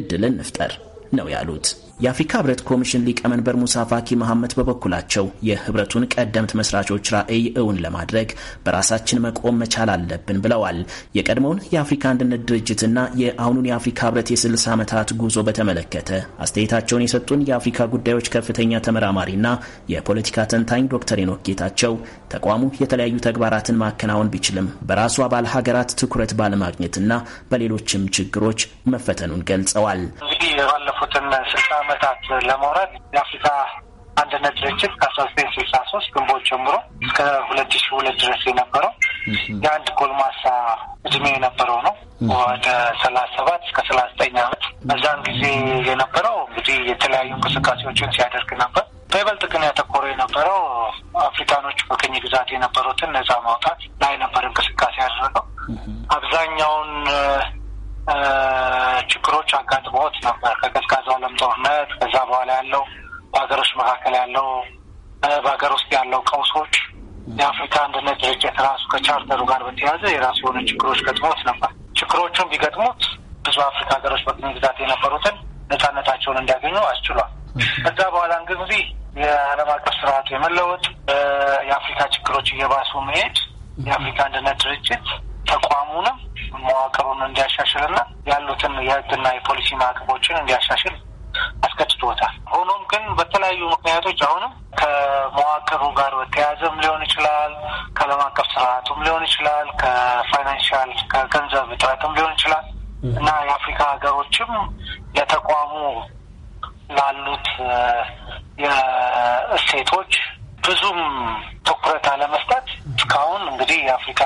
እድል እንፍጠር ነው ያሉት። የአፍሪካ ህብረት ኮሚሽን ሊቀመንበር ሙሳ ፋኪ መሐመድ በበኩላቸው የህብረቱን ቀደምት መስራቾች ራዕይ እውን ለማድረግ በራሳችን መቆም መቻል አለብን ብለዋል። የቀድሞውን የአፍሪካ አንድነት ድርጅትና የአሁኑን የአፍሪካ ህብረት የ60 ዓመታት ጉዞ በተመለከተ አስተያየታቸውን የሰጡን የአፍሪካ ጉዳዮች ከፍተኛ ተመራማሪና የፖለቲካ ተንታኝ ዶክተር ኖክ ጌታቸው ተቋሙ የተለያዩ ተግባራትን ማከናወን ቢችልም በራሱ አባል ሀገራት ትኩረት ባለማግኘትና በሌሎችም ችግሮች መፈተኑን ገልጸዋል። እንግዲህ የባለፉትን ስልሳ ዓመታት ለመውረድ የአፍሪካ አንድነት ድርጅት ከአስራ ዘጠኝ ስልሳ ሶስት ግንቦት ጀምሮ እስከ ሁለት ሺ ሁለት ድረስ የነበረው የአንድ ጎልማሳ እድሜ የነበረው ነው። ወደ ሰላሳ ሰባት እስከ ሰላሳ ዘጠኝ በዛን ጊዜ የነበረው እንግዲህ የተለያዩ እንቅስቃሴዎችን ሲያደርግ ነበር። በይበልጥ ግን ያተኮረው የነበረው አፍሪካኖች በቅኝ ግዛት የነበሩትን ነጻ ማውጣት ላይ ነበር እንቅስቃሴ ያደረገው። አብዛኛውን ችግሮች አጋጥመውት ነበር ከ ጦርነት፣ ከዛ በኋላ ያለው በሀገሮች መካከል ያለው በሀገር ውስጥ ያለው ቀውሶች የአፍሪካ አንድነት ድርጅት ራሱ ከቻርተሩ ጋር በተያያዘ የራሱ የሆነ ችግሮች ገጥሞት ነበር። ችግሮቹን ቢገጥሙት ብዙ አፍሪካ ሀገሮች በቅኝ ግዛት የነበሩትን ነጻነታቸውን እንዲያገኙ አስችሏል። ከዛ በኋላ እንግዲህ የዓለም አቀፍ ስርዓቱ የመለወጥ የአፍሪካ ችግሮች እየባሱ መሄድ የአፍሪካ አንድነት ድርጅት ተቋሙንም መዋቅሩን እንዲያሻሽልና ያሉትን የህግና የፖሊሲ ማዕቀፎችን እንዲያሻሽል አስከትቶታል። ሆኖም ግን በተለያዩ ምክንያቶች አሁንም ከመዋቅሩ ጋር በተያያዘም ሊሆን ይችላል፣ ከዓለም አቀፍ ስርዓቱም ሊሆን ይችላል፣ ከፋይናንሻል ከገንዘብ እጥረትም ሊሆን ይችላል እና የአፍሪካ ሀገሮችም ለተቋሙ ላሉት የእሴቶች ብዙም ትኩረት አለመስጠት እስካሁን እንግዲህ የአፍሪካ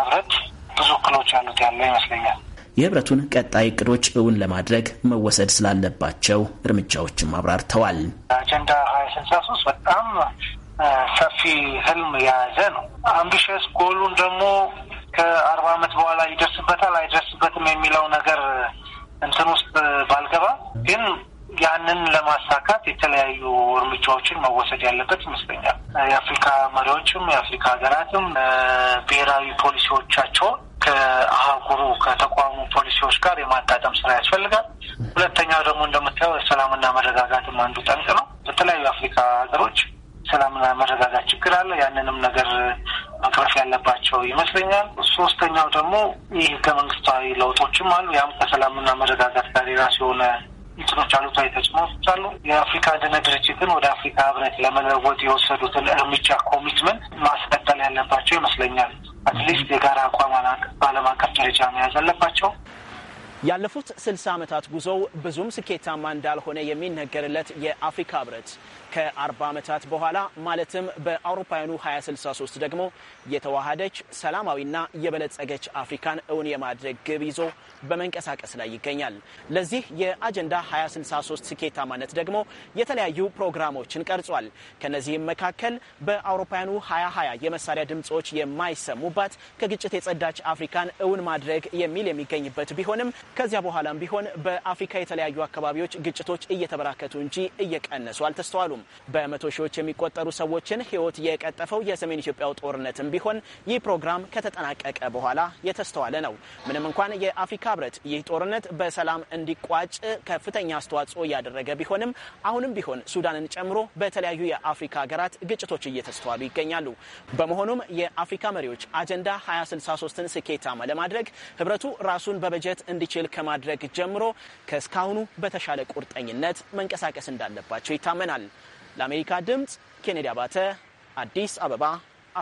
ህብረት ብዙ እክሎች አሉት ያለው ይመስለኛል። የህብረቱን ቀጣይ እቅዶች እውን ለማድረግ መወሰድ ስላለባቸው እርምጃዎችም አብራርተዋል። አጀንዳ ሀያ ስልሳ ሶስት በጣም ሰፊ ህልም የያዘ ነው። አምቢሽስ ጎሉን ደግሞ ከአርባ አመት በኋላ ይደርስበታል አይደርስበትም የሚለው ነገር እንትን ውስጥ ባልገባ ግን ያንን ለማሳካት የተለያዩ እርምጃዎችን መወሰድ ያለበት ይመስለኛል። የአፍሪካ መሪዎችም የአፍሪካ ሀገራትም ብሔራዊ ፖሊሲዎቻቸውን ከአህጉሩ ከተቋሙ ፖሊሲዎች ጋር የማጣጠም ስራ ያስፈልጋል። ሁለተኛው ደግሞ እንደምታየው ሰላምና መረጋጋትም አንዱ ጠንቅ ነው። በተለያዩ አፍሪካ ሀገሮች ሰላምና መረጋጋት ችግር አለ። ያንንም ነገር መቅረፍ ያለባቸው ይመስለኛል። ሶስተኛው ደግሞ ይህ መንግስታዊ ለውጦችም አሉ። ያም ከሰላምና መረጋጋት ጋር የራሱ የሆነ እንትኖች አሉታዊ ተጽዕኖዎች አሉ። የአፍሪካ ደህንነት ድርጅትን ወደ አፍሪካ ህብረት ለመለወጥ የወሰዱትን እርምጃ ኮሚትመንት ማስቀጠል ያለባቸው ይመስለኛል። አትሊስት የጋራ አቋም በዓለም አቀፍ ደረጃ መያዝ አለባቸው። ያለፉት ስልሳ ዓመታት ጉዞው ብዙም ስኬታማ እንዳልሆነ የሚነገርለት የአፍሪካ ህብረት ከ40 ዓመታት በኋላ ማለትም በአውሮፓውያኑ 2063 ደግሞ የተዋሃደች ሰላማዊና የበለጸገች አፍሪካን እውን የማድረግ ግብ ይዞ በመንቀሳቀስ ላይ ይገኛል። ለዚህ የአጀንዳ 2063 ስኬታማነት ደግሞ የተለያዩ ፕሮግራሞችን ቀርጿል። ከነዚህም መካከል በአውሮፓውያኑ 2020 የመሳሪያ ድምፆች የማይሰሙባት ከግጭት የጸዳች አፍሪካን እውን ማድረግ የሚል የሚገኝበት ቢሆንም ከዚያ በኋላም ቢሆን በአፍሪካ የተለያዩ አካባቢዎች ግጭቶች እየተበራከቱ እንጂ እየቀነሱ አልተስተዋሉም። በመቶ ሺዎች የሚቆጠሩ ሰዎችን ህይወት የቀጠፈው የሰሜን ኢትዮጵያው ጦርነትም ቢሆን ይህ ፕሮግራም ከተጠናቀቀ በኋላ የተስተዋለ ነው። ምንም እንኳን የአፍሪካ ህብረት ይህ ጦርነት በሰላም እንዲቋጭ ከፍተኛ አስተዋጽኦ እያደረገ ቢሆንም አሁንም ቢሆን ሱዳንን ጨምሮ በተለያዩ የአፍሪካ ሀገራት ግጭቶች እየተስተዋሉ ይገኛሉ። በመሆኑም የአፍሪካ መሪዎች አጀንዳ 2063ን ስኬታማ ለማድረግ ህብረቱ ራሱን በበጀት እንዲችል ከማድረግ ጀምሮ ከእስካሁኑ በተሻለ ቁርጠኝነት መንቀሳቀስ እንዳለባቸው ይታመናል። ለአሜሪካ ድምፅ ኬኔዲ አባተ፣ አዲስ አበባ፣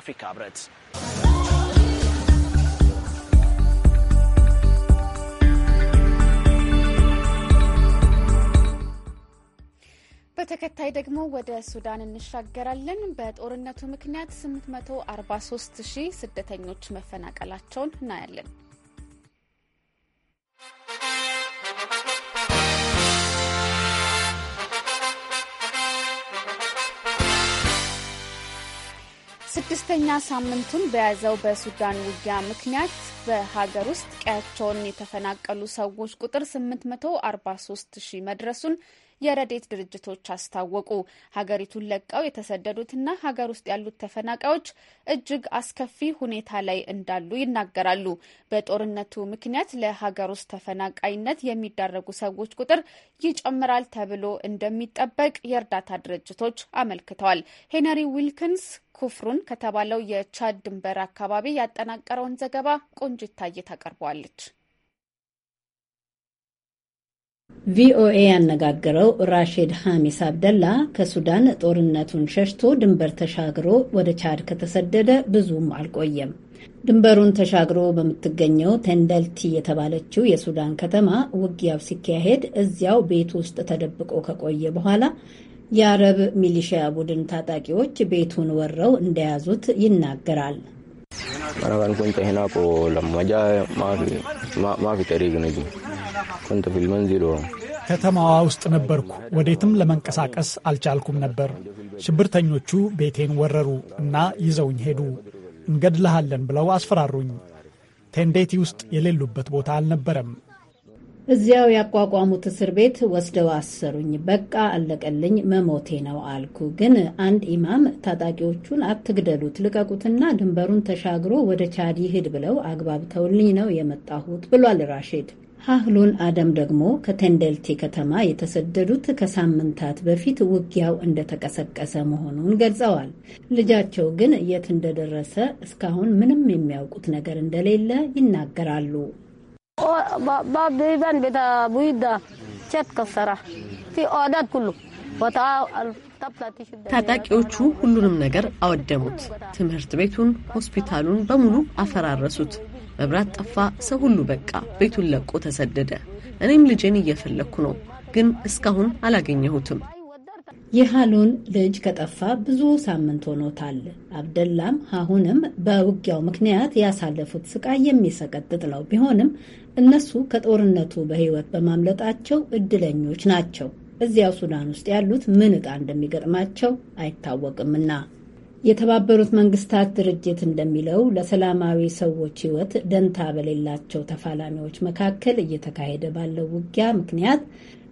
አፍሪካ ህብረት። በተከታይ ደግሞ ወደ ሱዳን እንሻገራለን። በጦርነቱ ምክንያት 843 ሺህ ስደተኞች መፈናቀላቸውን እናያለን። ስድስተኛ ሳምንቱን በያዘው በሱዳን ውጊያ ምክንያት በሀገር ውስጥ ቀያቸውን የተፈናቀሉ ሰዎች ቁጥር 843 ሺህ መድረሱን የረዴት ድርጅቶች አስታወቁ። ሀገሪቱን ለቀው የተሰደዱትና ሀገር ውስጥ ያሉት ተፈናቃዮች እጅግ አስከፊ ሁኔታ ላይ እንዳሉ ይናገራሉ። በጦርነቱ ምክንያት ለሀገር ውስጥ ተፈናቃይነት የሚዳረጉ ሰዎች ቁጥር ይጨምራል ተብሎ እንደሚጠበቅ የእርዳታ ድርጅቶች አመልክተዋል። ሄነሪ ዊልኪንስ ኩፍሩን ከተባለው የቻድ ድንበር አካባቢ ያጠናቀረውን ዘገባ ቆንጅት ታየ ታቀርበዋለች። ቪኦኤ ያነጋገረው ራሼድ ሐሚስ አብደላ ከሱዳን ጦርነቱን ሸሽቶ ድንበር ተሻግሮ ወደ ቻድ ከተሰደደ ብዙም አልቆየም። ድንበሩን ተሻግሮ በምትገኘው ተንደልቲ የተባለችው የሱዳን ከተማ ውጊያው ሲካሄድ እዚያው ቤት ውስጥ ተደብቆ ከቆየ በኋላ የአረብ ሚሊሺያ ቡድን ታጣቂዎች ቤቱን ወረው እንደያዙት ይናገራል። ከተማዋ ውስጥ ነበርኩ። ወዴትም ለመንቀሳቀስ አልቻልኩም ነበር። ሽብርተኞቹ ቤቴን ወረሩ እና ይዘውኝ ሄዱ። እንገድልሃለን ብለው አስፈራሩኝ። ቴንዴቲ ውስጥ የሌሉበት ቦታ አልነበረም። እዚያው ያቋቋሙት እስር ቤት ወስደው አሰሩኝ። በቃ አለቀልኝ፣ መሞቴ ነው አልኩ። ግን አንድ ኢማም ታጣቂዎቹን አትግደሉት፣ ልቀቁትና ድንበሩን ተሻግሮ ወደ ቻድ ይሂድ ብለው አግባብተውልኝ ነው የመጣሁት ብሏል ራሽድ። ሀህሉል አደም ደግሞ ከቴንደልቲ ከተማ የተሰደዱት ከሳምንታት በፊት ውጊያው እንደተቀሰቀሰ መሆኑን ገልጸዋል። ልጃቸው ግን የት እንደደረሰ እስካሁን ምንም የሚያውቁት ነገር እንደሌለ ይናገራሉ። ታጣቂዎቹ ሁሉንም ነገር አወደሙት። ትምህርት ቤቱን፣ ሆስፒታሉን በሙሉ አፈራረሱት። መብራት ጠፋ፣ ሰው ሁሉ በቃ ቤቱን ለቆ ተሰደደ። እኔም ልጄን እየፈለግኩ ነው፣ ግን እስካሁን አላገኘሁትም። የሃሉን ልጅ ከጠፋ ብዙ ሳምንት ሆኖታል። አብደላም አሁንም በውጊያው ምክንያት ያሳለፉት ስቃይ የሚሰቀጥጥ ነው። ቢሆንም እነሱ ከጦርነቱ በሕይወት በማምለጣቸው እድለኞች ናቸው። እዚያው ሱዳን ውስጥ ያሉት ምን ዕጣ እንደሚገጥማቸው አይታወቅምና የተባበሩት መንግስታት ድርጅት እንደሚለው ለሰላማዊ ሰዎች ሕይወት ደንታ በሌላቸው ተፋላሚዎች መካከል እየተካሄደ ባለው ውጊያ ምክንያት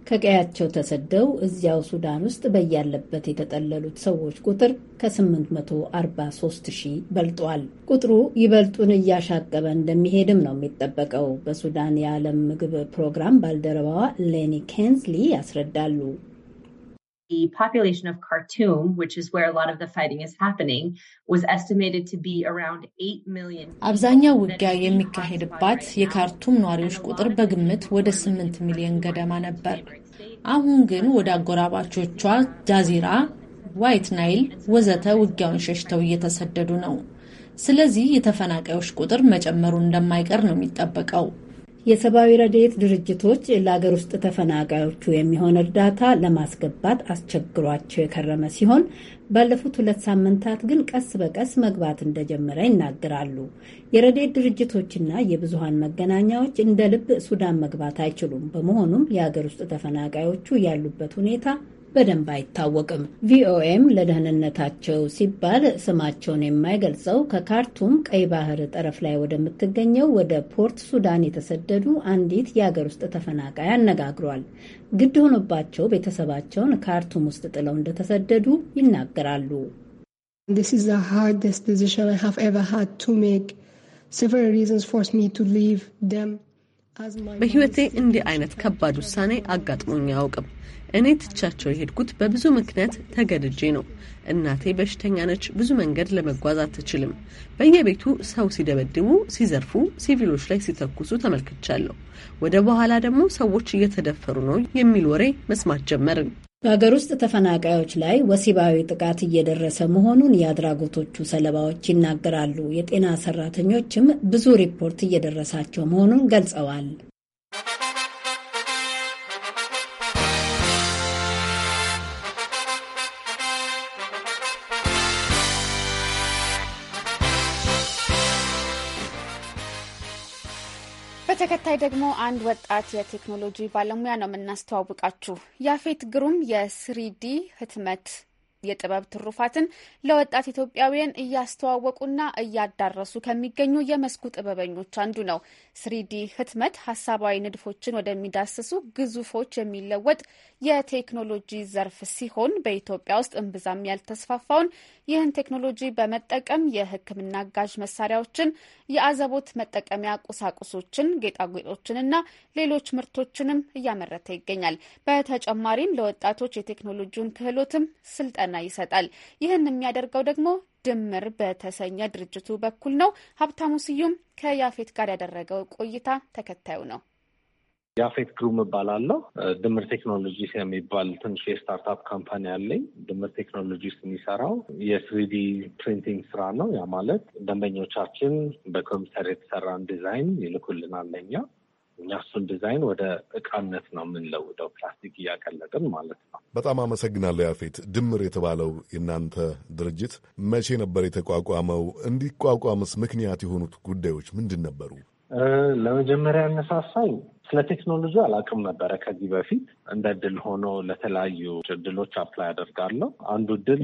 ከቀያቸው ተሰደው እዚያው ሱዳን ውስጥ በያለበት የተጠለሉት ሰዎች ቁጥር ከ843 ሺህ በልጧል። ቁጥሩ ይበልጡን እያሻቀበ እንደሚሄድም ነው የሚጠበቀው። በሱዳን የዓለም ምግብ ፕሮግራም ባልደረባዋ ሌኒ ኬንስሊ ያስረዳሉ። the population of Khartoum, which is where a lot of the fighting is happening, was estimated to be around 8 million. አብዛኛው ውጊያ የሚካሄድባት የካርቱም ነዋሪዎች ቁጥር በግምት ወደ 8 ሚሊዮን ገደማ ነበር። አሁን ግን ወደ አጎራባቾቿ ጃዚራ፣ ዋይት ናይል ወዘተ ውጊያውን ሸሽተው እየተሰደዱ ነው። ስለዚህ የተፈናቃዮች ቁጥር መጨመሩ እንደማይቀር ነው የሚጠበቀው። የሰብአዊ ረድኤት ድርጅቶች ለአገር ውስጥ ተፈናቃዮቹ የሚሆን እርዳታ ለማስገባት አስቸግሯቸው የከረመ ሲሆን ባለፉት ሁለት ሳምንታት ግን ቀስ በቀስ መግባት እንደጀመረ ይናገራሉ። የረድኤት ድርጅቶችና የብዙሀን መገናኛዎች እንደ ልብ ሱዳን መግባት አይችሉም። በመሆኑም የአገር ውስጥ ተፈናቃዮቹ ያሉበት ሁኔታ በደንብ አይታወቅም። ቪኦኤም ለደህንነታቸው ሲባል ስማቸውን የማይገልጸው ከካርቱም ቀይ ባህር ጠረፍ ላይ ወደምትገኘው ወደ ፖርት ሱዳን የተሰደዱ አንዲት የአገር ውስጥ ተፈናቃይ አነጋግሯል። ግድ ሆኖባቸው ቤተሰባቸውን ካርቱም ውስጥ ጥለው እንደተሰደዱ ይናገራሉ። በህይወቴ እንዲህ አይነት ከባድ ውሳኔ አጋጥሞኝ አያውቅም። እኔ ትቻቸው የሄድኩት በብዙ ምክንያት ተገድጄ ነው። እናቴ በሽተኛ ነች። ብዙ መንገድ ለመጓዝ አትችልም። በየቤቱ ሰው ሲደበድቡ፣ ሲዘርፉ፣ ሲቪሎች ላይ ሲተኩሱ ተመልክቻለሁ። ወደ በኋላ ደግሞ ሰዎች እየተደፈሩ ነው የሚል ወሬ መስማት ጀመርን። በሀገር ውስጥ ተፈናቃዮች ላይ ወሲባዊ ጥቃት እየደረሰ መሆኑን የአድራጎቶቹ ሰለባዎች ይናገራሉ። የጤና ሰራተኞችም ብዙ ሪፖርት እየደረሳቸው መሆኑን ገልጸዋል። ተከታይ ደግሞ አንድ ወጣት የቴክኖሎጂ ባለሙያ ነው የምናስተዋውቃችሁ። ያፌት ግሩም የስሪዲ ህትመት የጥበብ ትሩፋትን ለወጣት ኢትዮጵያውያን እያስተዋወቁና እያዳረሱ ከሚገኙ የመስኩ ጥበበኞች አንዱ ነው። ስሪዲ ህትመት ሀሳባዊ ንድፎችን ወደሚዳስሱ ግዙፎች የሚለወጥ የቴክኖሎጂ ዘርፍ ሲሆን በኢትዮጵያ ውስጥ እምብዛም ያልተስፋፋውን ይህን ቴክኖሎጂ በመጠቀም የሕክምና አጋዥ መሳሪያዎችን፣ የአዘቦት መጠቀሚያ ቁሳቁሶችን፣ ጌጣጌጦችንና ሌሎች ምርቶችንም እያመረተ ይገኛል። በተጨማሪም ለወጣቶች የቴክኖሎጂውን ክህሎትም ስልጠና ይሰጣል። ይህን የሚያደርገው ደግሞ ድምር በተሰኘ ድርጅቱ በኩል ነው። ሀብታሙ ስዩም ከያፌት ጋር ያደረገው ቆይታ ተከታዩ ነው። የአፌት ግሩም እባላለሁ። ድምር ቴክኖሎጂስ የሚባል ትንሽ የስታርታፕ ካምፓኒ አለኝ። ድምር ቴክኖሎጂስ የሚሰራው የስሪዲ ፕሪንቲንግ ስራ ነው። ያ ማለት ደንበኞቻችን በኮምፒውተር የተሰራን ዲዛይን ይልኩልናል ለኛ እኛ እሱን ዲዛይን ወደ እቃነት ነው የምንለውደው፣ ፕላስቲክ እያቀለጥን ማለት ነው። በጣም አመሰግናለሁ ያፌት። ድምር የተባለው የእናንተ ድርጅት መቼ ነበር የተቋቋመው? እንዲቋቋምስ ምክንያት የሆኑት ጉዳዮች ምንድን ነበሩ? ለመጀመሪያ ያነሳሳኝ ስለ ቴክኖሎጂ አላውቅም ነበረ ከዚህ በፊት። እንደ ድል ሆኖ ለተለያዩ ድሎች አፕላይ አደርጋለሁ። አንዱ ድል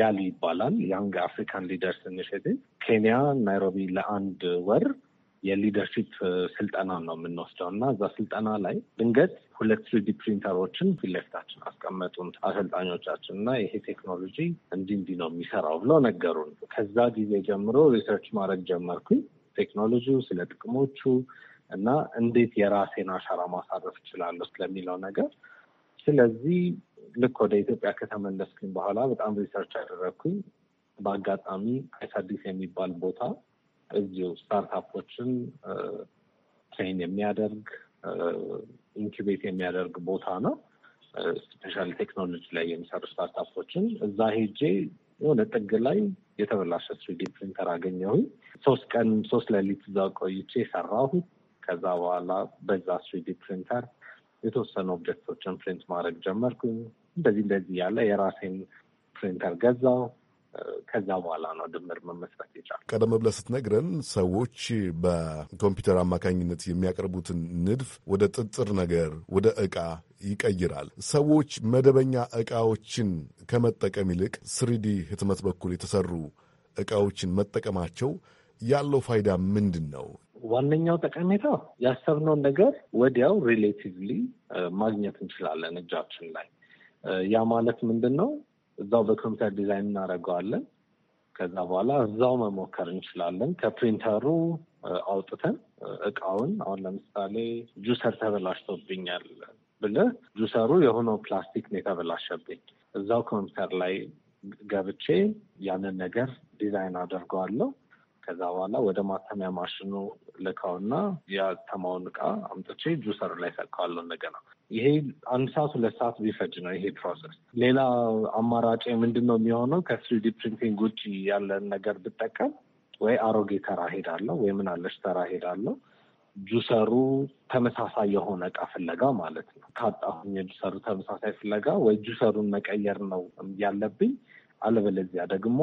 ያሊ ይባላል ያንግ አፍሪካን ሊደርስ ኢኒሽቲቭ ኬንያ ናይሮቢ ለአንድ ወር የሊደርሽፕ ስልጠና ነው የምንወስደው እና እዛ ስልጠና ላይ ድንገት ሁለት ስሪዲ ፕሪንተሮችን ፊት ለፊታችን አስቀመጡን አሰልጣኞቻችን እና ይሄ ቴክኖሎጂ እንዲህ እንዲህ ነው የሚሰራው ብለው ነገሩን። ከዛ ጊዜ ጀምሮ ሪሰርች ማድረግ ጀመርኩኝ ቴክኖሎጂው፣ ስለ ጥቅሞቹ እና እንዴት የራሴን አሻራ ማሳረፍ እችላለሁ ስለሚለው ነገር። ስለዚህ ልክ ወደ ኢትዮጵያ ከተመለስኩኝ በኋላ በጣም ሪሰርች አደረግኩኝ። በአጋጣሚ አይስ አዲስ የሚባል ቦታ እዚው ስታርታፖችን ትሬን የሚያደርግ ኢንኩቤት የሚያደርግ ቦታ ነው። ስፔሻሊ ቴክኖሎጂ ላይ የሚሰሩ ስታርታፖችን እዛ ሄጄ የሆነ ጥግ ላይ የተበላሸ ስሪዲ ፕሪንተር አገኘሁኝ። ሶስት ቀን ሶስት ሌሊት እዛ ቆይቼ ሰራሁ። ከዛ በኋላ በዛ ስሪዲ ፕሪንተር የተወሰኑ ኦብጀክቶችን ፕሪንት ማድረግ ጀመርኩኝ። እንደዚህ እንደዚህ ያለ የራሴን ፕሪንተር ገዛው። ከዛ በኋላ ነው ድምር መመስረት ይቻል። ቀደም ብለህ ስትነግረን ሰዎች በኮምፒውተር አማካኝነት የሚያቀርቡትን ንድፍ ወደ ጥጥር ነገር ወደ እቃ ይቀይራል። ሰዎች መደበኛ እቃዎችን ከመጠቀም ይልቅ ስሪዲ ህትመት በኩል የተሰሩ እቃዎችን መጠቀማቸው ያለው ፋይዳ ምንድን ነው? ዋነኛው ጠቀሜታ ያሰብነውን ነገር ወዲያው ሪሌቲቭሊ ማግኘት እንችላለን እጃችን ላይ ያ ማለት ምንድን ነው? እዛው በኮምፒውተር ዲዛይን እናደርገዋለን። ከዛ በኋላ እዛው መሞከር እንችላለን። ከፕሪንተሩ አውጥተን እቃውን አሁን ለምሳሌ ጁሰር ተበላሽቶብኛል ብለህ ጁሰሩ የሆነው ፕላስቲክ ነው የተበላሸብኝ። እዛው ኮምፒውተር ላይ ገብቼ ያንን ነገር ዲዛይን አደርገዋለሁ። ከዛ በኋላ ወደ ማተሚያ ማሽኑ ልካውና ያተማውን እቃ አምጥቼ ጁሰር ላይ ሰካዋለሁ እንደገና። ይሄ አንድ ሰዓት ሁለት ሰዓት ቢፈጅ ነው ይሄ ፕሮሰስ። ሌላ አማራጭ ምንድን ነው የሚሆነው? ከስሪዲ ፕሪንቲንግ ውጭ ያለን ነገር ብጠቀም ወይ አሮጌ ተራ ሄዳለሁ ወይ ምን አለሽ ተራ ሄዳለሁ ጁሰሩ ተመሳሳይ የሆነ እቃ ፍለጋ ማለት ነው። ካጣሁኝ የጁሰሩ ተመሳሳይ ፍለጋ ወይ ጁሰሩን መቀየር ነው ያለብኝ። አለበለዚያ ደግሞ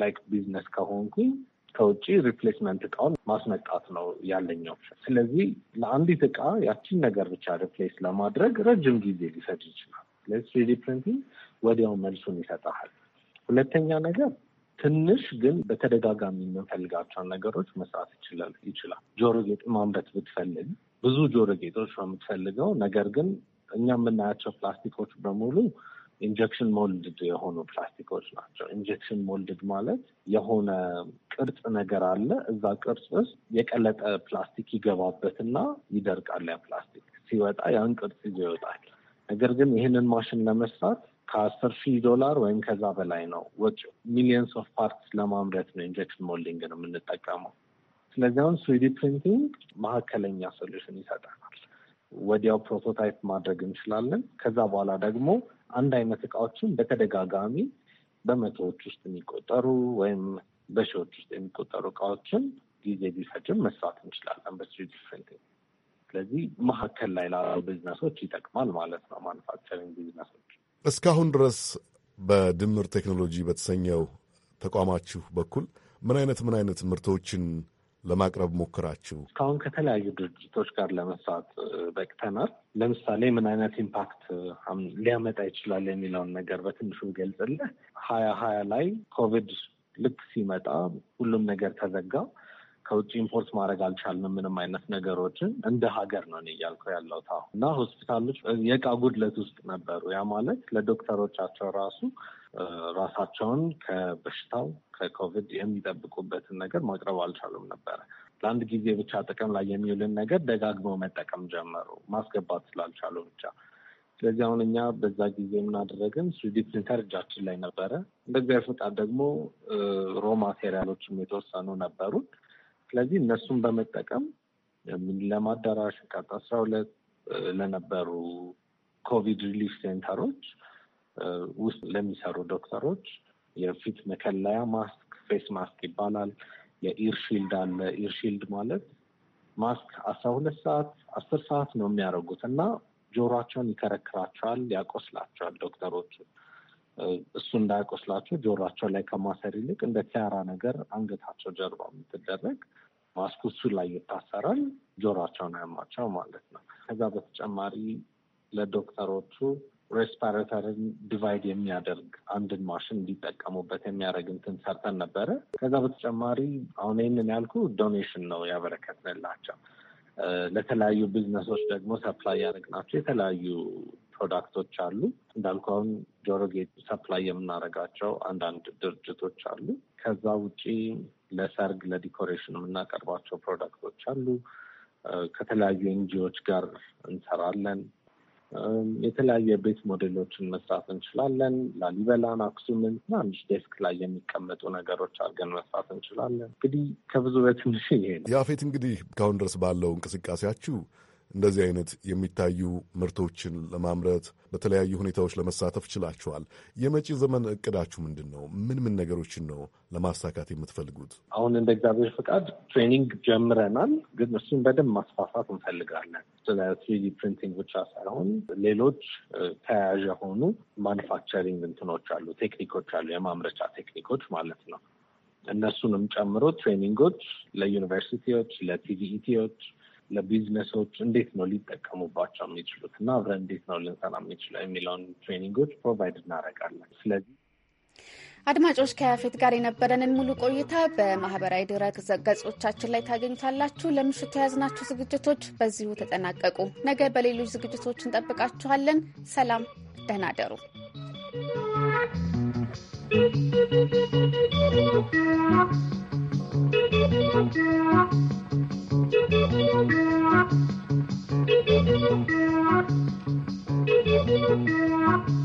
ላይክ ቢዝነስ ከሆንኩኝ ከውጭ ሪፕሌስመንት እቃውን ማስመጣት ነው ያለኛው። ስለዚህ ለአንዲት እቃ ያችን ነገር ብቻ ሪፕሌስ ለማድረግ ረጅም ጊዜ ሊሰድ ይችላል። ለስሪዲ ፕሪንቲንግ ወዲያው መልሱን ይሰጠሃል። ሁለተኛ ነገር ትንሽ ግን በተደጋጋሚ የምንፈልጋቸውን ነገሮች መስራት ይችላል ይችላል። ጆሮ ጌጥ ማምረት ብትፈልግ ብዙ ጆሮ ጌጦች ነው የምትፈልገው። ነገር ግን እኛ የምናያቸው ፕላስቲኮች በሙሉ ኢንጀክሽን ሞልድድ የሆኑ ፕላስቲኮች ናቸው። ኢንጀክሽን ሞልድድ ማለት የሆነ ቅርጽ ነገር አለ። እዛ ቅርጽ ውስጥ የቀለጠ ፕላስቲክ ይገባበትና ይደርቃል። ያ ፕላስቲክ ሲወጣ ያን ቅርጽ ይዞ ይወጣል። ነገር ግን ይህንን ማሽን ለመስራት ከአስር ሺህ ዶላር ወይም ከዛ በላይ ነው ወጪ። ሚሊየንስ ኦፍ ፓርትስ ለማምረት ነው ኢንጀክሽን ሞልዲንግ ነው የምንጠቀመው። ስለዚህ አሁን ስዊዲ ፕሪንቲንግ መካከለኛ ሶሉሽን ይሰጠናል። ወዲያው ፕሮቶታይፕ ማድረግ እንችላለን። ከዛ በኋላ ደግሞ አንድ አይነት እቃዎችን በተደጋጋሚ በመቶዎች ውስጥ የሚቆጠሩ ወይም በሺዎች ውስጥ የሚቆጠሩ እቃዎችን ጊዜ ቢፈጅም መስራት እንችላለን በስሪዲ ፕሪንቲንግ። ስለዚህ መካከል ላይ ላሉ ቢዝነሶች ይጠቅማል ማለት ነው። ማኑፋክቸሪንግ ቢዝነሶች እስካሁን ድረስ በድምር ቴክኖሎጂ በተሰኘው ተቋማችሁ በኩል ምን አይነት ምን አይነት ምርቶችን ለማቅረብ ሞክራችሁ? እስካሁን ከተለያዩ ድርጅቶች ጋር ለመስራት በቅተናል። ለምሳሌ ምን አይነት ኢምፓክት ሊያመጣ ይችላል የሚለውን ነገር በትንሹ ገልጽልህ። ሀያ ሀያ ላይ ኮቪድ ልክ ሲመጣ ሁሉም ነገር ተዘጋ። ከውጭ ኢምፖርት ማድረግ አልቻልንም። ምንም አይነት ነገሮችን እንደ ሀገር ነው እያልኩ ያለው እና ሆስፒታሎች የእቃ ጉድለት ውስጥ ነበሩ። ያ ማለት ለዶክተሮቻቸው ራሱ ራሳቸውን ከበሽታው ከኮቪድ የሚጠብቁበትን ነገር ማቅረብ አልቻሉም ነበረ። ለአንድ ጊዜ ብቻ ጥቅም ላይ የሚውልን ነገር ደጋግመው መጠቀም ጀመሩ፣ ማስገባት ስላልቻሉ ብቻ። ስለዚህ አሁን እኛ በዛ ጊዜ የምናደረግን ስሪዲ ፕሪንተር እጃችን ላይ ነበረ። እንደዚያ ፍቃድ ደግሞ ሮ ማቴሪያሎችም የተወሰኑ ነበሩን። ስለዚህ እነሱን በመጠቀም ለማዳራሽ አዳራሽ ቀጥ አስራ ሁለት ለነበሩ ኮቪድ ሪሊፍ ሴንተሮች ውስጥ ለሚሰሩ ዶክተሮች የፊት መከለያ ማስክ ፌስ ማስክ ይባላል። የኢርሺልድ አለ። ኢርሺልድ ማለት ማስክ አስራ ሁለት ሰዓት አስር ሰዓት ነው የሚያደርጉት እና ጆሯቸውን ይከረክራቸዋል፣ ያቆስላቸዋል ዶክተሮቹ እሱ እንዳያቆስላቸው ጆሯቸው ላይ ከማሰር ይልቅ እንደ ቲያራ ነገር አንገታቸው ጀርባ የምትደረግ ማስኩ እሱ ላይ ይታሰራል። ጆሯቸውን አያማቸው ማለት ነው። ከዛ በተጨማሪ ለዶክተሮቹ ሬስፓራተርን ዲቫይድ የሚያደርግ አንድን ማሽን እንዲጠቀሙበት የሚያደርግ እንትን ሰርተን ነበረ። ከዛ በተጨማሪ አሁን ይህንን ያልኩ ዶኔሽን ነው ያበረከትንላቸው። ለተለያዩ ቢዝነሶች ደግሞ ሰፕላይ ያደረግናቸው የተለያዩ ፕሮዳክቶች አሉ። እንዳልኩ አሁን ጆሮጌት ሰፕላይ የምናደርጋቸው አንዳንድ ድርጅቶች አሉ። ከዛ ውጪ ለሰርግ ለዲኮሬሽን የምናቀርባቸው ፕሮዳክቶች አሉ። ከተለያዩ ኤንጂዎች ጋር እንሰራለን። የተለያየ ቤት ሞዴሎችን መስራት እንችላለን። ላሊበላን፣ አክሱምን ትናንሽ ዴስክ ላይ የሚቀመጡ ነገሮች አድርገን መስራት እንችላለን። እንግዲህ ከብዙ በትንሽ ይሄ ነው። ያፌት፣ እንግዲህ እስካሁን ድረስ ባለው እንቅስቃሴያችሁ እንደዚህ አይነት የሚታዩ ምርቶችን ለማምረት በተለያዩ ሁኔታዎች ለመሳተፍ ችላችኋል። የመጪ ዘመን እቅዳችሁ ምንድን ነው? ምን ምን ነገሮችን ነው ለማሳካት የምትፈልጉት? አሁን እንደ እግዚአብሔር ፈቃድ ትሬኒንግ ጀምረናል፣ ግን እሱን በደንብ ማስፋፋት እንፈልጋለን። ስለ ትሪዲ ፕሪንቲንግ ብቻ ሳይሆን ሌሎች ተያያዥ የሆኑ ማኑፋክቸሪንግ እንትኖች አሉ፣ ቴክኒኮች አሉ፣ የማምረቻ ቴክኒኮች ማለት ነው። እነሱንም ጨምሮ ትሬኒንጎች ለዩኒቨርሲቲዎች፣ ለቲቪኢቲዎች ለቢዝነሶች እንዴት ነው ሊጠቀሙባቸው የሚችሉት እና አብረን እንዴት ነው ልንሰራ የሚችለው የሚለውን ትሬኒንጎች ፕሮቫይድ እናደርጋለን። ስለዚህ አድማጮች ከያፌት ጋር የነበረንን ሙሉ ቆይታ በማህበራዊ ድረ ገጾቻችን ላይ ታገኙታላችሁ። ለምሽቱ የያዝናችሁ ዝግጅቶች በዚሁ ተጠናቀቁ። ነገ በሌሎች ዝግጅቶች እንጠብቃችኋለን። ሰላም፣ ደህና ደሩ። Thank you.